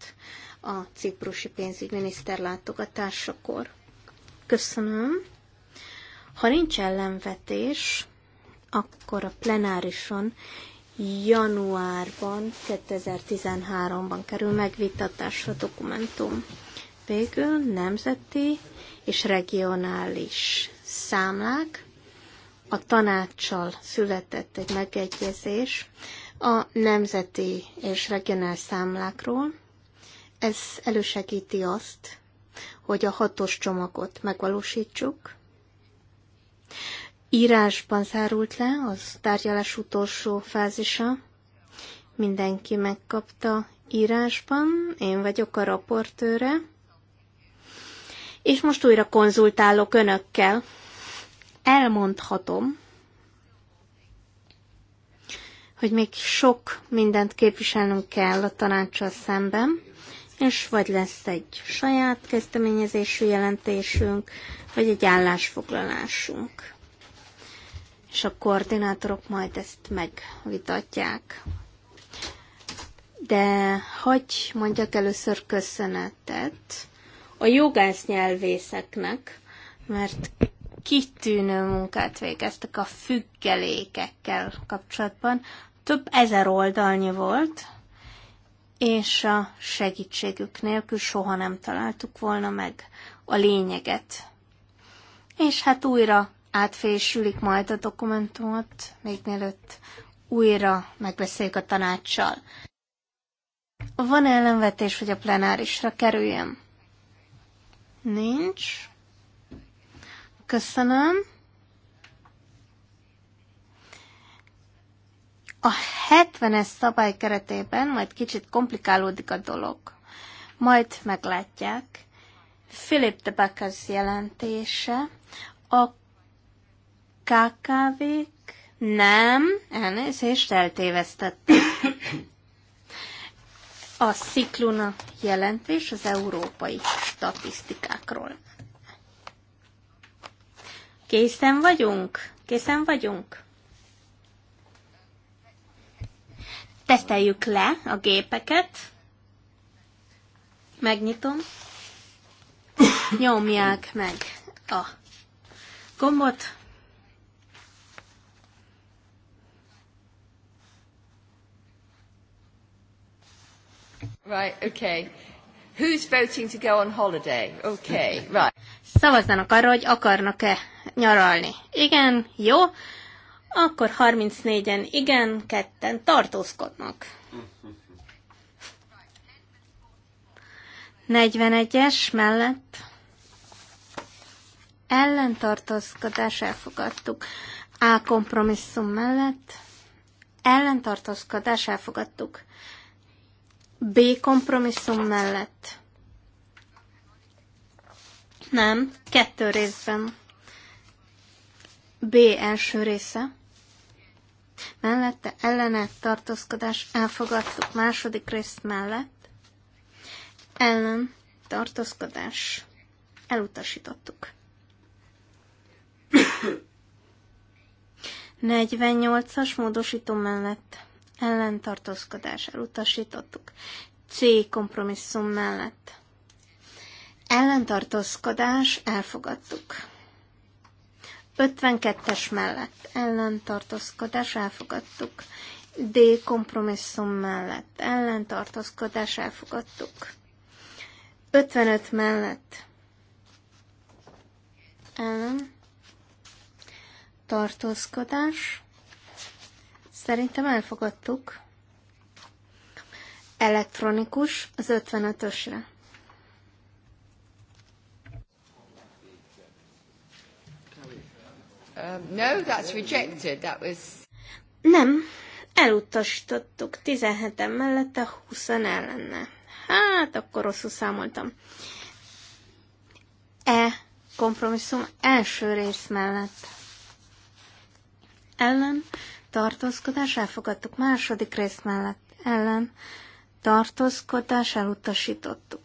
[SPEAKER 1] a ciprusi pénzügyminiszter látogatásakor. Köszönöm. Ha nincs ellenvetés, akkor a plenárison januárban, 2013-ban kerül megvitatásra dokumentum. Végül nemzeti és regionális számlák a tanácssal született egy megegyezés a nemzeti és regionális számlákról. Ez elősegíti azt, hogy a hatos csomagot megvalósítsuk. Írásban zárult le az tárgyalás utolsó fázisa. Mindenki megkapta írásban, én vagyok a raportőre, és most újra konzultálok önökkel elmondhatom, hogy még sok mindent képviselnünk kell a tanácssal szemben, és vagy lesz egy saját kezdeményezésű jelentésünk, vagy egy állásfoglalásunk. És a koordinátorok majd ezt megvitatják. De hagyj mondjak először köszönetet a jogász nyelvészeknek, mert kitűnő munkát végeztek a függelékekkel kapcsolatban. Több ezer oldalnyi volt, és a segítségük nélkül soha nem találtuk volna meg a lényeget. És hát újra átfésülik majd a dokumentumot, még mielőtt újra megbeszéljük a tanácssal. Van -e ellenvetés, hogy a plenárisra kerüljem? Nincs. Köszönöm. A 70-es szabály keretében majd kicsit komplikálódik a dolog. Majd meglátják. Philip de Bacchus jelentése. A KKV-k nem, elnézést eltévesztett. A Szikluna jelentés az európai statisztikákról. Készen vagyunk? Készen vagyunk? Teszteljük le a gépeket. Megnyitom. Nyomják meg a gombot. Right, okay. Who's voting to go on holiday? Okay, right. Szavazzanak arra, hogy akarnak-e nyaralni. Igen, jó. Akkor 34-en igen, ketten tartózkodnak. 41-es mellett ellentartózkodás elfogadtuk. A kompromisszum mellett ellentartózkodás elfogadtuk. B kompromisszum mellett. Nem, kettő részben. B első része. Mellette ellene tartózkodás elfogadtuk. Második rész mellett ellen tartózkodás elutasítottuk. 48-as módosító mellett ellentartózkodás elutasítottuk. C kompromisszum mellett ellentartózkodás elfogadtuk. 52-es mellett ellentartózkodás elfogadtuk. D kompromisszum mellett ellentartózkodás elfogadtuk. 55 mellett ellen tartózkodás. Szerintem elfogadtuk. Elektronikus az 55-ösre. Um, no, that's rejected. That was... Nem, elutasítottuk 17 mellette, 20 ellenne. Hát, akkor rosszul számoltam. E kompromisszum első rész mellett. Ellen tartózkodás elfogadtuk második rész mellett. Ellen tartózkodás elutasítottuk.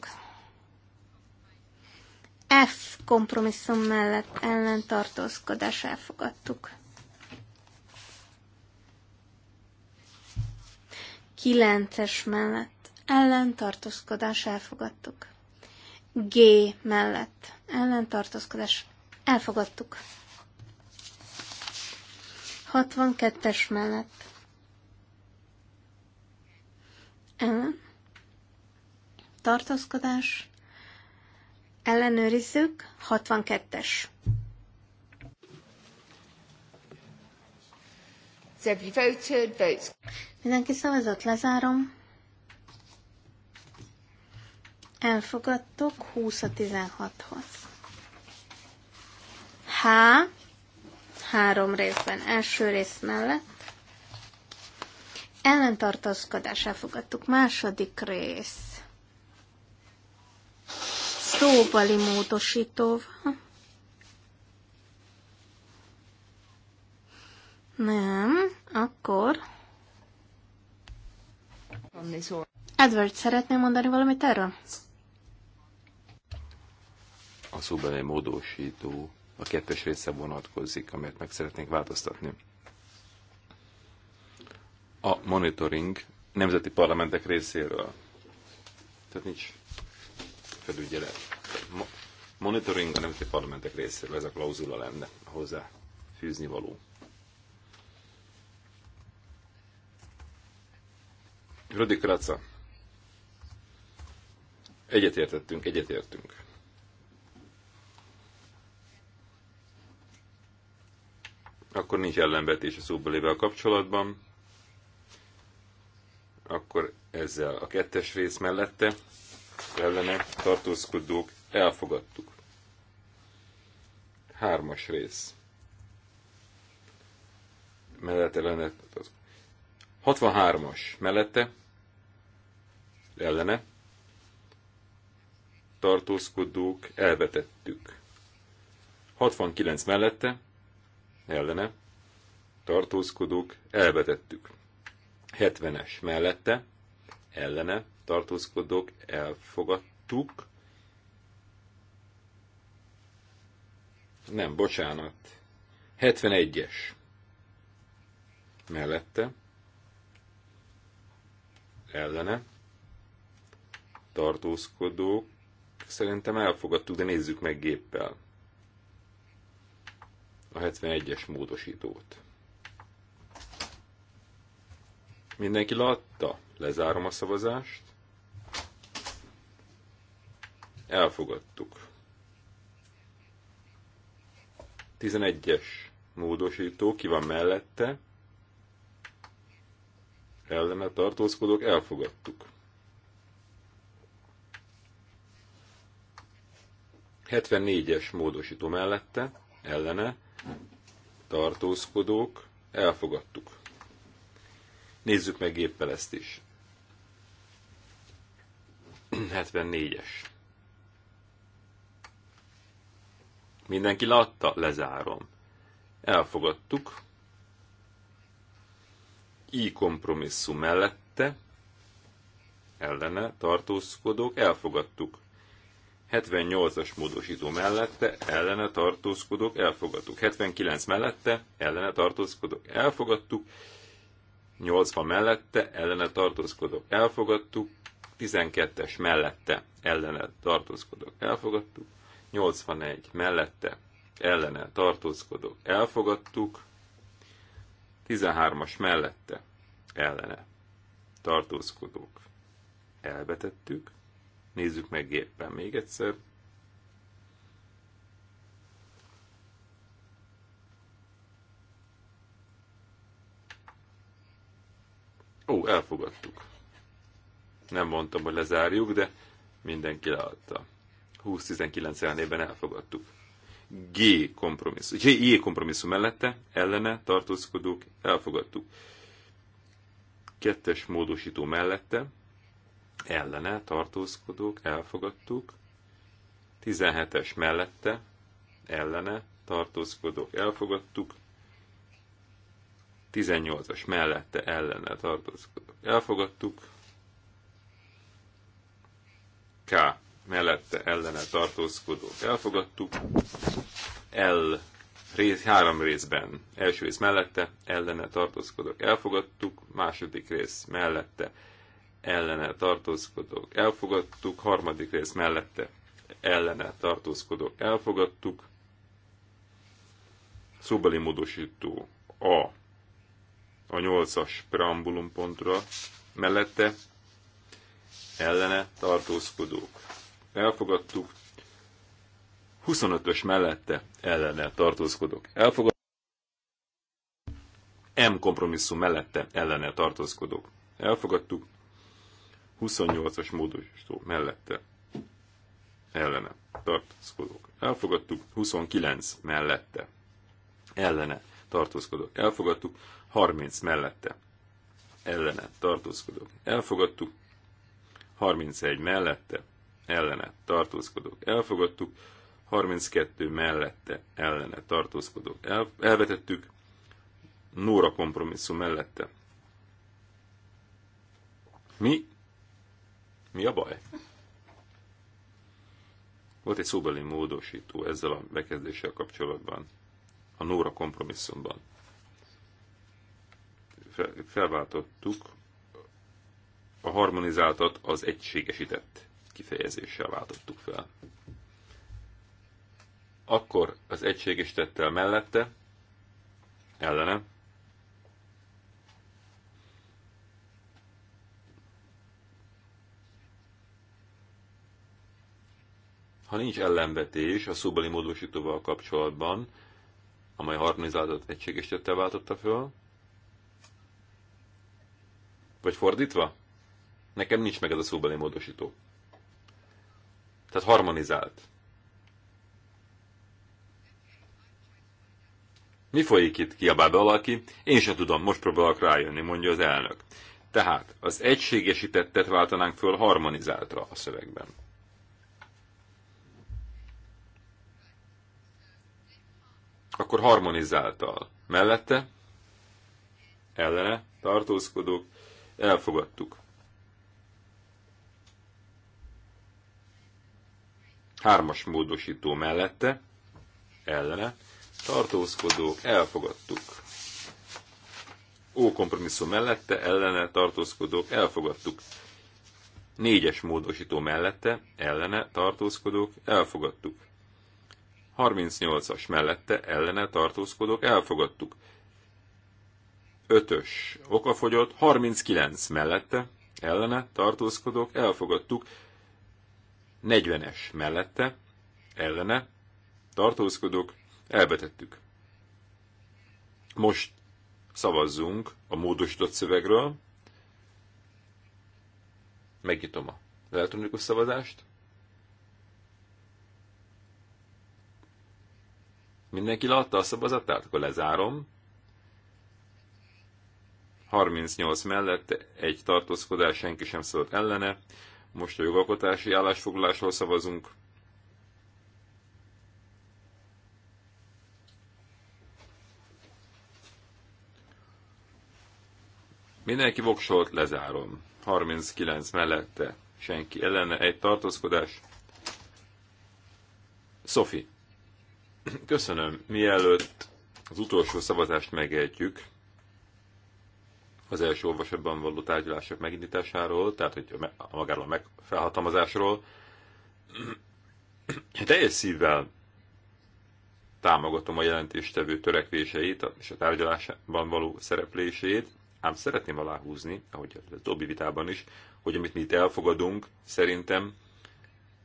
[SPEAKER 1] F kompromisszum mellett ellen tartózkodás elfogadtuk. 9-es mellett ellen tartózkodás elfogadtuk. G mellett ellen tartózkodás elfogadtuk. 62-es mellett ellen tartózkodás Ellenőrizzük, 62-es. voted, votes. Mindenki szavazott, lezárom. Elfogadtok 20 a 16-hoz. H. Három részben. Első rész mellett. Ellentartózkodás elfogadtuk. Második rész. Szóbali módosítóval. Nem, akkor... Edward, szeretném mondani valamit erről?
[SPEAKER 2] A szóbeli módosító a kettes része vonatkozik, amelyet meg szeretnénk változtatni. A monitoring nemzeti parlamentek részéről. Tehát nincs felügyelet, monitoring a nemzeti parlamentek részéről, ez a klauzula lenne hozzá fűzni való. Rödi Kraca. Egyetértettünk, egyetértünk. Akkor nincs ellenvetés a szóbelével kapcsolatban. Akkor ezzel a kettes rész mellette ellene tartózkodók elfogadtuk. Hármas rész. Mellette ellene 63-as mellette ellene tartózkodók elvetettük. 69 mellette ellene tartózkodók elvetettük. 70-es mellette ellene tartózkodók elfogadtuk. Nem, bocsánat. 71-es. Mellette. Ellene. Tartózkodók. Szerintem elfogadtuk, de nézzük meg géppel. A 71-es módosítót. Mindenki látta? Lezárom a szavazást elfogadtuk. 11-es módosító, ki van mellette, ellene tartózkodók, elfogadtuk. 74-es módosító mellette, ellene, tartózkodók, elfogadtuk. Nézzük meg géppel ezt is. 74-es. Mindenki látta? Lezárom. Elfogadtuk. I kompromisszum mellette, ellene tartózkodók, elfogadtuk. 78-as módosító mellette, ellene tartózkodók, elfogadtuk. 79 mellette, ellene tartózkodók, elfogadtuk. 80 mellette, ellene tartózkodók, elfogadtuk. 12-es mellette, ellene tartózkodók, elfogadtuk. 81 mellette ellene tartózkodók elfogadtuk, 13-as mellette ellene tartózkodók elvetettük. Nézzük meg éppen még egyszer. Ó, elfogadtuk. Nem mondtam, hogy lezárjuk, de mindenki leadta. 2019 19 elfogadtuk. G kompromisszum, G, J kompromisszum mellette, ellene tartózkodók, elfogadtuk. Kettes módosító mellette, ellene tartózkodók, elfogadtuk. 17-es mellette, ellene tartózkodók, elfogadtuk. 18-as mellette, ellene tartózkodók, elfogadtuk. K mellette ellene tartózkodók elfogadtuk. L rész, három részben. Első rész mellette ellene tartózkodók elfogadtuk, második rész mellette ellene tartózkodók elfogadtuk, harmadik rész mellette ellene tartózkodók elfogadtuk. Szóbeli módosító A a nyolcas preambulum pontra mellette ellene tartózkodók elfogadtuk. 25-ös mellette ellene tartózkodok. Elfogadtuk. M kompromisszum mellette ellene tartózkodok. Elfogadtuk. 28-as módosító mellette ellene tartózkodok. Elfogadtuk. 29 mellette ellene tartózkodok. Elfogadtuk. 30 mellette ellene tartózkodok. Elfogadtuk. 31 mellette ellene tartózkodók elfogadtuk, 32 mellette ellene tartózkodók el, elvetettük, Nóra kompromisszum mellette. Mi? Mi a baj? Volt egy szóbeli módosító ezzel a bekezdéssel kapcsolatban, a Nóra kompromisszumban. felváltottuk a harmonizáltat az egységesített kifejezéssel váltottuk fel. Akkor az egységes el mellette, ellene, ha nincs ellenvetés a szóbeli módosítóval kapcsolatban, amely egység egységes tette váltotta föl, vagy fordítva? Nekem nincs meg ez a szóbeli módosító. Tehát harmonizált. Mi folyik itt? Kiabál be valaki? Én sem tudom, most próbálok rájönni, mondja az elnök. Tehát az egységesítettet váltanánk föl harmonizáltra a szövegben. Akkor harmonizáltal. Mellette? Ellene? Tartózkodók? Elfogadtuk. Hármas módosító mellette, ellene, tartózkodók, elfogadtuk. Ó kompromisszum mellette, ellene, tartózkodók, elfogadtuk. Négyes módosító mellette, ellene, tartózkodók, elfogadtuk. 38-as mellette, ellene, tartózkodók, elfogadtuk. 5-ös okafogyott, 39 mellette, ellene, tartózkodók, elfogadtuk. 40-es mellette, ellene, tartózkodok, elvetettük. Most szavazzunk a módosított szövegről. Megnyitom a elektronikus szavazást. Mindenki látta a szavazatát? Akkor lezárom. 38 mellett egy tartózkodás, senki sem szólt ellene. Most a jogalkotási állásfoglalásról szavazunk. Mindenki voksolt, lezárom. 39 mellette, senki ellene, egy tartózkodás. Sophie, köszönöm. Mielőtt az utolsó szavazást megejtjük, az első olvasatban való tárgyalások megindításáról, tehát hogy a magáról a felhatalmazásról. Teljes szívvel támogatom a jelentéstevő törekvéseit és a tárgyalásban való szereplését, ám szeretném aláhúzni, ahogy a többi vitában is, hogy amit mi itt elfogadunk, szerintem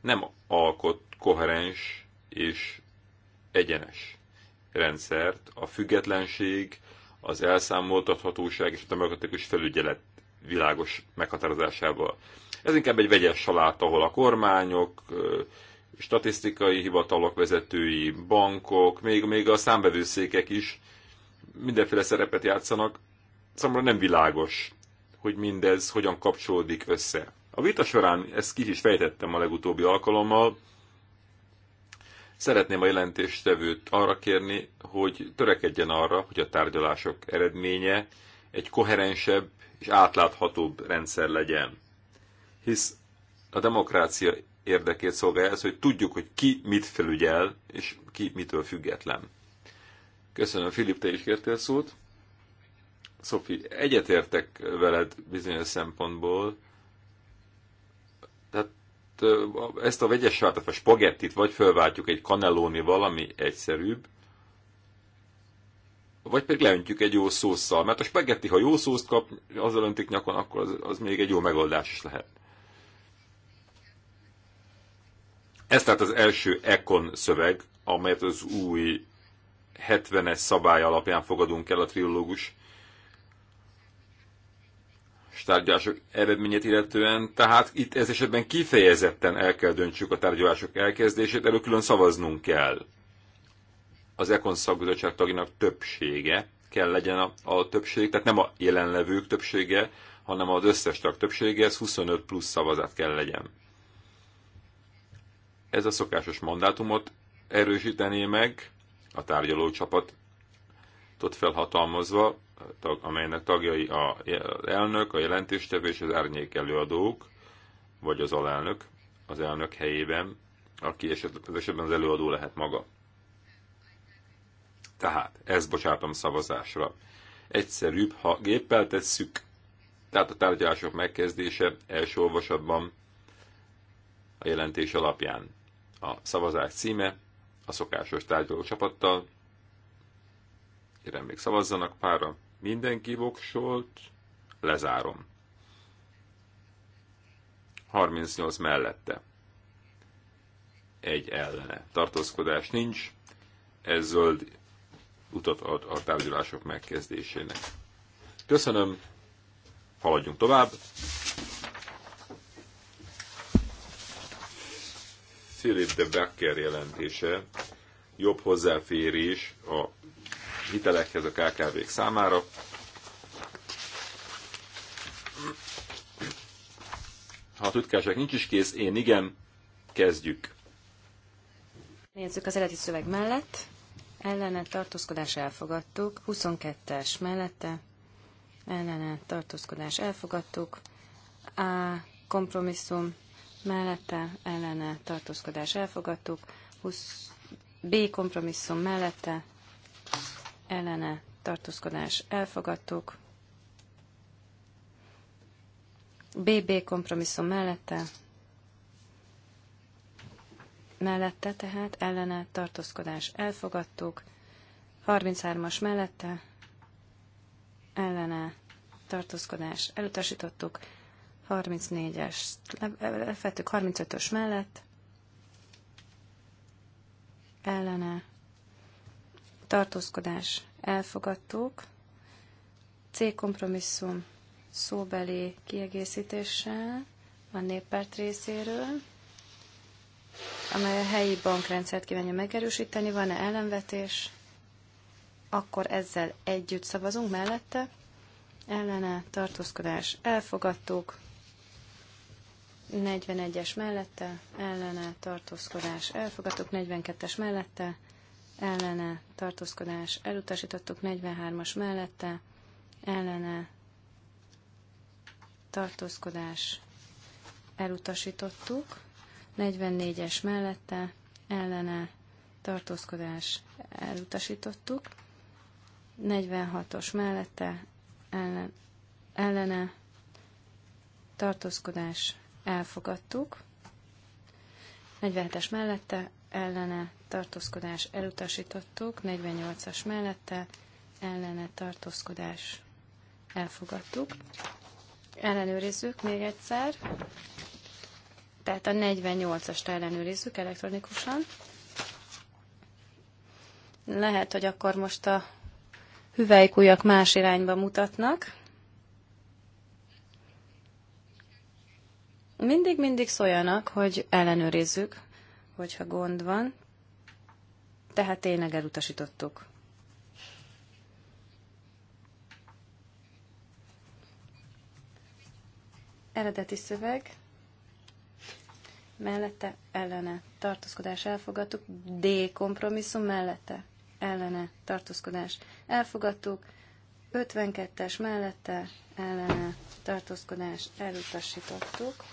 [SPEAKER 2] nem alkot koherens és egyenes rendszert. A függetlenség, az elszámoltathatóság és a demokratikus felügyelet világos meghatározásával. Ez inkább egy vegyes salát, ahol a kormányok, statisztikai hivatalok vezetői, bankok, még, még a számbevőszékek is mindenféle szerepet játszanak. Számomra nem világos, hogy mindez hogyan kapcsolódik össze. A vita során ezt ki is fejtettem a legutóbbi alkalommal, Szeretném a jelentéstevőt arra kérni, hogy törekedjen arra, hogy a tárgyalások eredménye egy koherensebb és átláthatóbb rendszer legyen. Hisz a demokrácia érdekét szolgálja ez, hogy tudjuk, hogy ki mit felügyel, és ki mitől független. Köszönöm, Filip, te is kértél szót. Szofi, egyetértek veled bizonyos szempontból, ezt a vegyes sártát, vagy spagettit vagy fölváltjuk egy kanelóni valami egyszerűbb, vagy pedig leöntjük egy jó szószal, mert a spagetti, ha jó szószt kap, azzal öntik nyakon, akkor az, az még egy jó megoldás is lehet. Ez tehát az első Econ szöveg, amelyet az új 70-es szabály alapján fogadunk el a trilógus tárgyalások eredményét illetően, tehát itt ez esetben kifejezetten el kell döntsük a tárgyalások elkezdését, erről külön szavaznunk kell. Az Ekon szakbizottság tagjának többsége kell legyen a, a többség, tehát nem a jelenlevők többsége, hanem az összes tag többsége, ez 25 plusz szavazat kell legyen. Ez a szokásos mandátumot erősítené meg a tárgyaló ott felhatalmazva, amelynek tagjai a elnök, a jelentéstevő és az árnyék előadók, vagy az alelnök az elnök helyében, aki esetleg, esetben az előadó lehet maga. Tehát, ez bocsátom szavazásra. Egyszerűbb, ha géppel tesszük, tehát a tárgyalások megkezdése első olvasatban a jelentés alapján. A szavazás címe a szokásos tárgyaló csapattal, kérem még szavazzanak pára, Mindenki voksolt, lezárom. 38 mellette. Egy ellene. Tartózkodás nincs. Ez zöld utat ad a tárgyalások megkezdésének. Köszönöm, haladjunk tovább. Philip de Becker jelentése jobb hozzáférés a hitelekhez a KKV-k számára. Ha a titkárság nincs is kész, én igen, kezdjük.
[SPEAKER 3] Nézzük az eredeti szöveg mellett. Ellene tartózkodás elfogadtuk. 22-es mellette. Ellene tartózkodás elfogadtuk. A kompromisszum mellette. Ellene tartózkodás elfogadtuk. 20 B kompromisszum mellette ellene tartózkodás elfogadtuk. BB kompromisszum mellette, mellette tehát ellene tartózkodás elfogadtuk. 33-as mellette ellene tartózkodás elutasítottuk. 34-es lefettük 35-ös mellett ellene tartózkodás elfogadtuk, C kompromisszum szóbeli kiegészítéssel a néppárt részéről, amely a helyi bankrendszert kívánja megerősíteni, van-e ellenvetés, akkor ezzel együtt szavazunk mellette, ellene tartózkodás elfogadtuk, 41-es mellette, ellene tartózkodás elfogadtuk, 42-es mellette, ellene tartózkodás elutasítottuk, 43-as mellette ellene tartózkodás elutasítottuk, 44-es mellette ellene tartózkodás elutasítottuk, 46-os mellette ellen, ellene tartózkodás elfogadtuk, 47-es mellette ellene tartózkodás elutasítottuk, 48-as mellette ellene tartózkodás elfogadtuk. Ellenőrizzük még egyszer. Tehát a 48-ast ellenőrizzük elektronikusan. Lehet, hogy akkor most a hüvelykújak más irányba mutatnak. Mindig-mindig szóljanak, hogy ellenőrizzük hogyha gond van. Tehát tényleg elutasítottuk. Eredeti szöveg. Mellette, ellene, tartózkodás elfogadtuk. D kompromisszum mellette, ellene, tartózkodás elfogadtuk. 52-es mellette, ellene, tartózkodás elutasítottuk.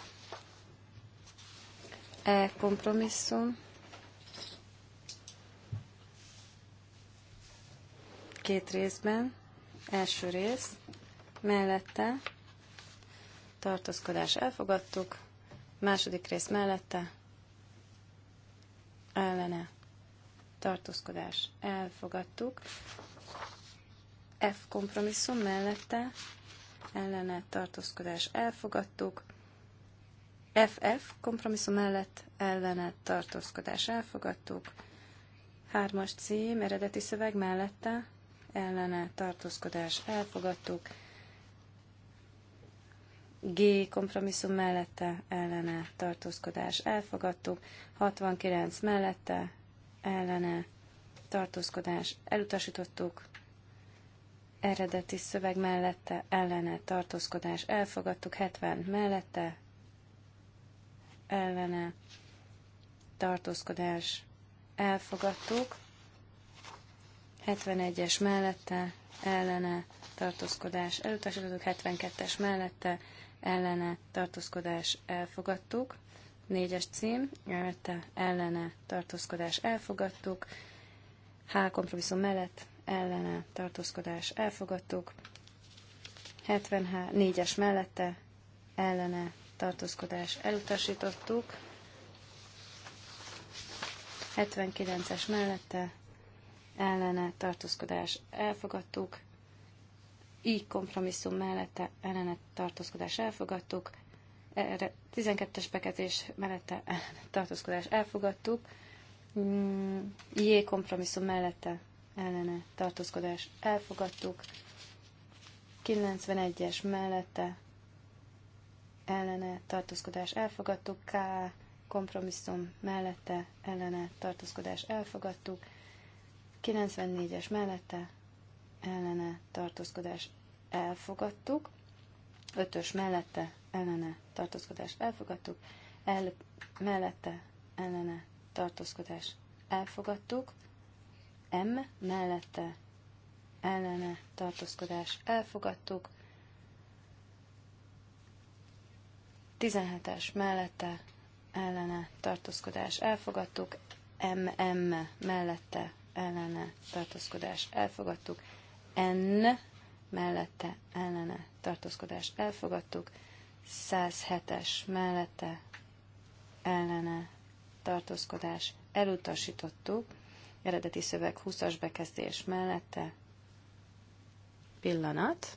[SPEAKER 3] E kompromisszum. Két részben. Első rész. Mellette. Tartózkodás elfogadtuk. Második rész mellette. Ellene. Tartózkodás elfogadtuk. F kompromisszum mellette ellene tartózkodás elfogadtuk. FF kompromisszum mellett ellenet tartózkodás elfogadtuk. Hármas cím eredeti szöveg mellette ellene tartózkodás elfogadtuk. G kompromisszum mellette ellene tartózkodás elfogadtuk, 69 mellette ellene tartózkodás elutasítottuk, eredeti szöveg mellette ellene tartózkodás elfogadtuk, 70 mellette ellene tartózkodás elfogadtuk, 71-es mellette ellene tartózkodás elutasítottuk, 72-es mellette ellene tartózkodás elfogadtuk, 4-es cím mellette ellene tartózkodás elfogadtuk, H kompromisszum mellett ellene tartózkodás elfogadtuk, 74-es mellette ellene tartózkodás elutasítottuk. 79-es mellette ellene tartózkodás elfogadtuk. Így kompromisszum mellette ellene tartózkodás elfogadtuk. 12-es bekezdés mellette tartózkodás elfogadtuk. J mm, kompromisszum mellette ellene tartózkodás elfogadtuk. 91-es mellette ellene tartózkodás elfogadtuk, K kompromisszum mellette ellene tartózkodás elfogadtuk, 94-es mellette ellene tartózkodás elfogadtuk, 5-ös mellette ellene tartózkodás elfogadtuk, l mellette ellene tartózkodás elfogadtuk, M mellette ellene tartózkodás elfogadtuk, 17-es mellette ellene tartózkodás elfogadtuk, MM mellette ellene tartózkodás elfogadtuk, N mellette ellene tartózkodás elfogadtuk, 107-es mellette ellene tartózkodás elutasítottuk, eredeti szöveg 20-as bekezdés mellette pillanat,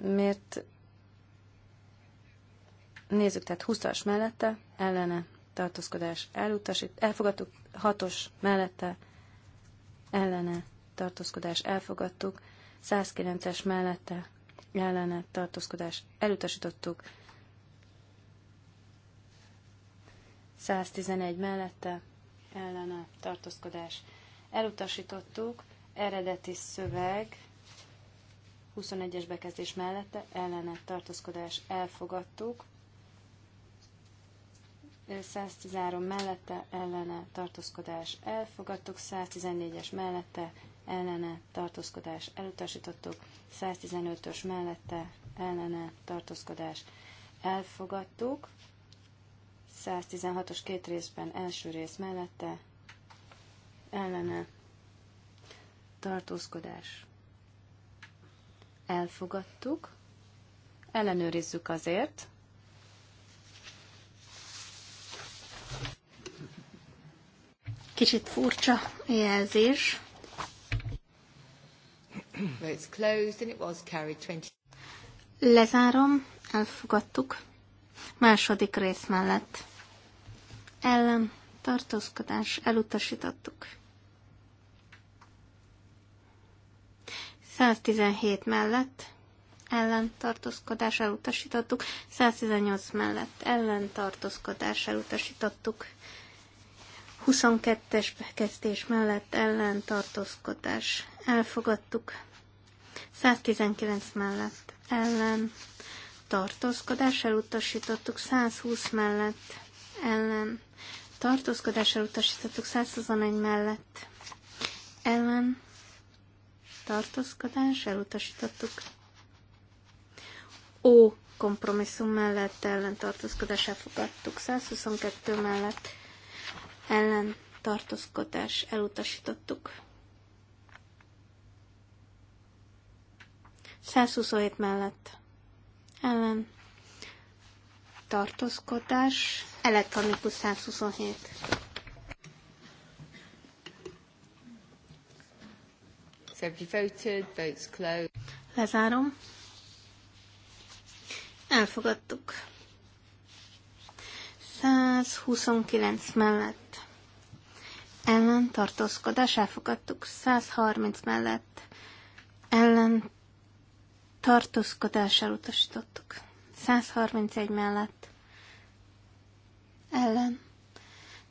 [SPEAKER 3] miért nézzük, tehát 20-as mellette, ellene, tartózkodás elutasít, elfogadtuk, 6-os mellette, ellene, tartózkodás elfogadtuk, 109-es mellette, ellene, tartózkodás elutasítottuk, 111 mellette, ellene, tartózkodás elutasítottuk, eredeti szöveg, 21-es bekezdés mellette ellene tartózkodás elfogadtuk. 113 mellette ellene tartózkodás elfogadtuk, 114-es mellette ellene tartózkodás elutasítottuk, 115-ös mellette ellene tartózkodás elfogadtuk, 116-os két részben első rész mellette ellene tartózkodás elfogadtuk, ellenőrizzük azért.
[SPEAKER 1] Kicsit furcsa jelzés. Votes closed and it was carried 20. Lezárom, elfogadtuk. Második rész mellett. Ellen, tartózkodás, elutasítottuk. 117 mellett ellen ellentartózkodás elutasítottuk, 118 mellett ellen ellentartózkodás elutasítottuk, 22-es bekezdés mellett ellen tartózkodás elfogadtuk, 119 mellett ellen tartózkodás elutasítottuk, 120 mellett ellen tartózkodás elutasítottuk, 121 mellett ellen tartózkodás, elutasítottuk. Ó kompromisszum mellett ellen tartózkodás elfogadtuk, 122 mellett ellen tartózkodás elutasítottuk. 127 mellett ellen tartózkodás, elektronikus 127. So have you voted? Votes closed. Lezárom. Elfogadtuk. 129 mellett. Ellen tartózkodás elfogadtuk. 130 mellett. Ellen tartózkodás elutasítottuk. 131 mellett. Ellen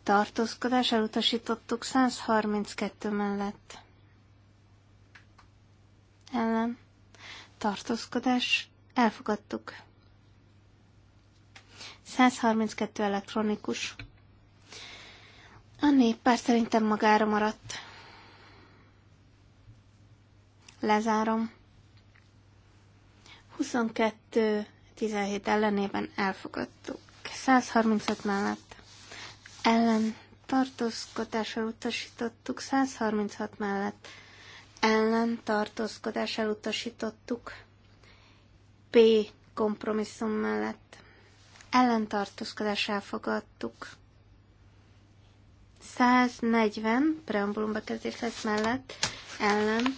[SPEAKER 1] tartózkodás elutasítottuk. 132 mellett ellen tartózkodás elfogadtuk. 132 elektronikus. A néppár szerintem magára maradt. Lezárom. 22 17 ellenében elfogadtuk. 135 mellett ellen tartózkodásra utasítottuk, 136 mellett ellen tartózkodás elutasítottuk. P kompromisszum mellett ellentartózkodás elfogadtuk. 140 preambulum bekezdéshez mellett ellen.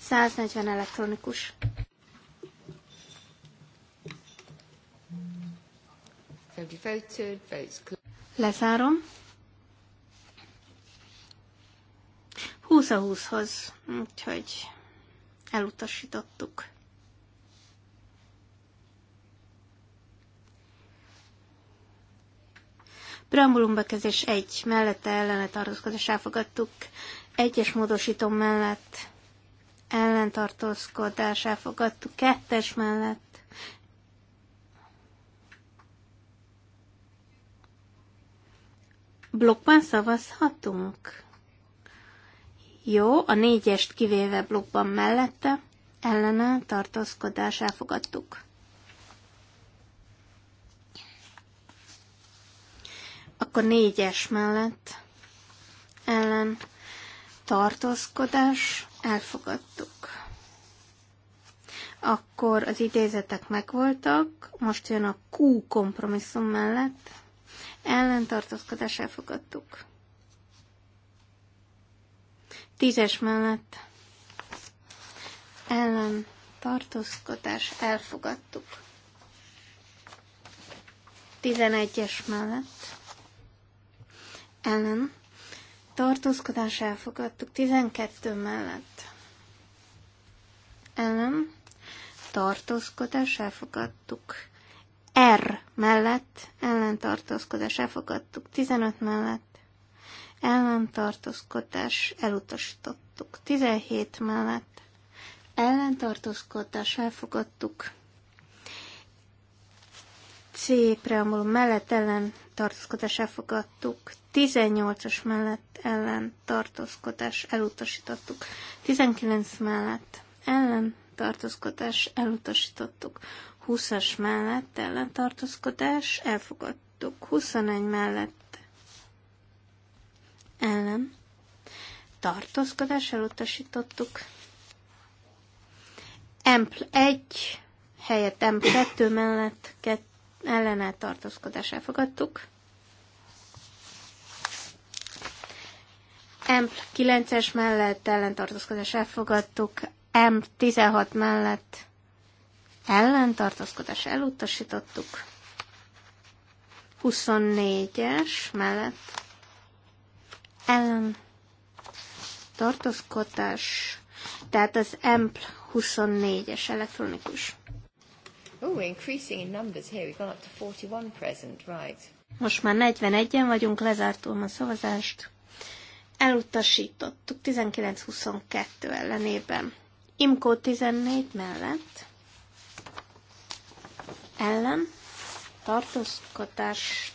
[SPEAKER 1] 140 elektronikus. Lezárom. 20 a 20-hoz, úgyhogy elutasítottuk. Preambulum bekezés 1 mellette ellenetartózkodás elfogadtuk, egyes módosító mellett ellentartózkodás elfogadtuk, kettes mellett blokkban szavazhatunk. Jó, a négyest kivéve blokkban mellette, ellene tartózkodás elfogadtuk. Akkor négyes mellett ellen tartózkodás elfogadtuk. Akkor az idézetek megvoltak, most jön a Q kompromisszum mellett, ellentartózkodás elfogadtuk. Tízes mellett ellen tartózkodás elfogadtuk. Tizenegyes mellett ellen tartózkodás elfogadtuk. Tizenkettő mellett ellen tartózkodás elfogadtuk. R mellett ellen tartózkodás elfogadtuk. Tizenöt mellett ellentartózkodás elutasítottuk. 17 mellett ellentartózkodás elfogadtuk. C preambulum mellett ellentartózkodás elfogadtuk. 18-as mellett ellentartózkodás elutasítottuk. 19 mellett ellentartózkodás elutasítottuk. 20-as mellett ellentartózkodás elfogadtuk. 21 mellett ellen tartózkodás elutasítottuk. Empl 1 helyett m 2 mellett kett, ellenállt tartózkodás elfogadtuk. Empl 9-es mellett ellentartózkodás elfogadtuk. M 16 mellett ellentartózkodás elutasítottuk. 24-es mellett ellen tartózkodás, tehát az EMP 24-es elektronikus. Oh, increasing in numbers here. We've gone up to 41 present, right. Most már 41-en vagyunk, lezártom a szavazást. Elutasítottuk 19-22 ellenében. Imkó 14 mellett. Ellen. Tartózkodás.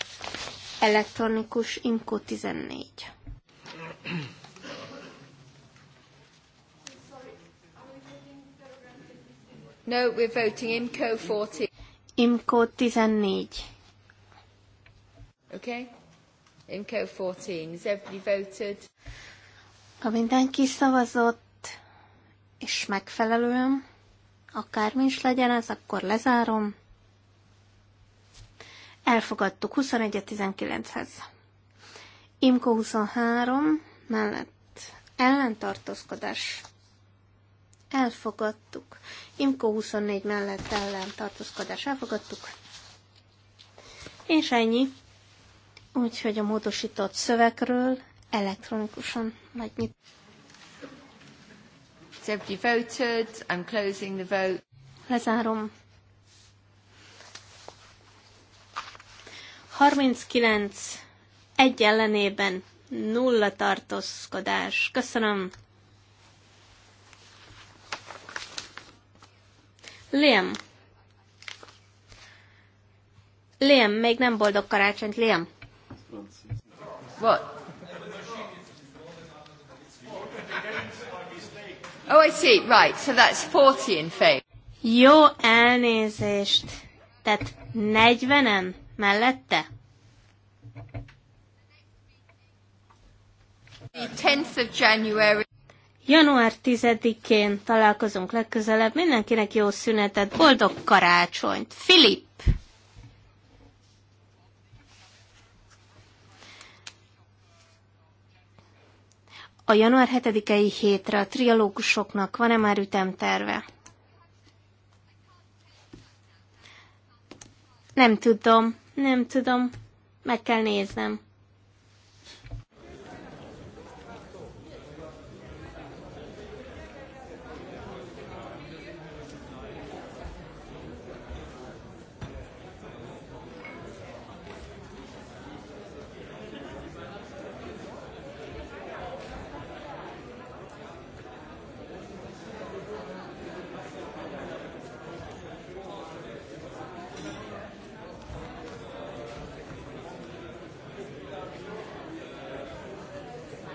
[SPEAKER 1] Elektronikus Imkó 14. No, we're voting IMCO 14. IMCO 14. Okay? IMCO 14. Has everybody voted? Ha mindenki szavazott, és megfelelően, akármi is legyen ez, akkor lezárom. Elfogadtuk 21-19-hez. IMCO 23, mellett ellentartózkodás elfogadtuk. Imko 24 mellett ellentartózkodás elfogadtuk. És ennyi. Úgyhogy a módosított szövegről elektronikusan megnyit. voted. I'm closing the vote. Lezárom. 39 egy ellenében nulla tartózkodás. Köszönöm. Liam. Liam, még nem boldog karácsonyt, Liam. What? Oh, I see. Right, so that's 40 in faith. Jó elnézést. Tehát 40-en mellette? Január 10-én találkozunk legközelebb. Mindenkinek jó szünetet, boldog karácsonyt! Filip! A január 7-i hétre a trialógusoknak van-e már ütemterve? Nem tudom, nem tudom. Meg kell néznem.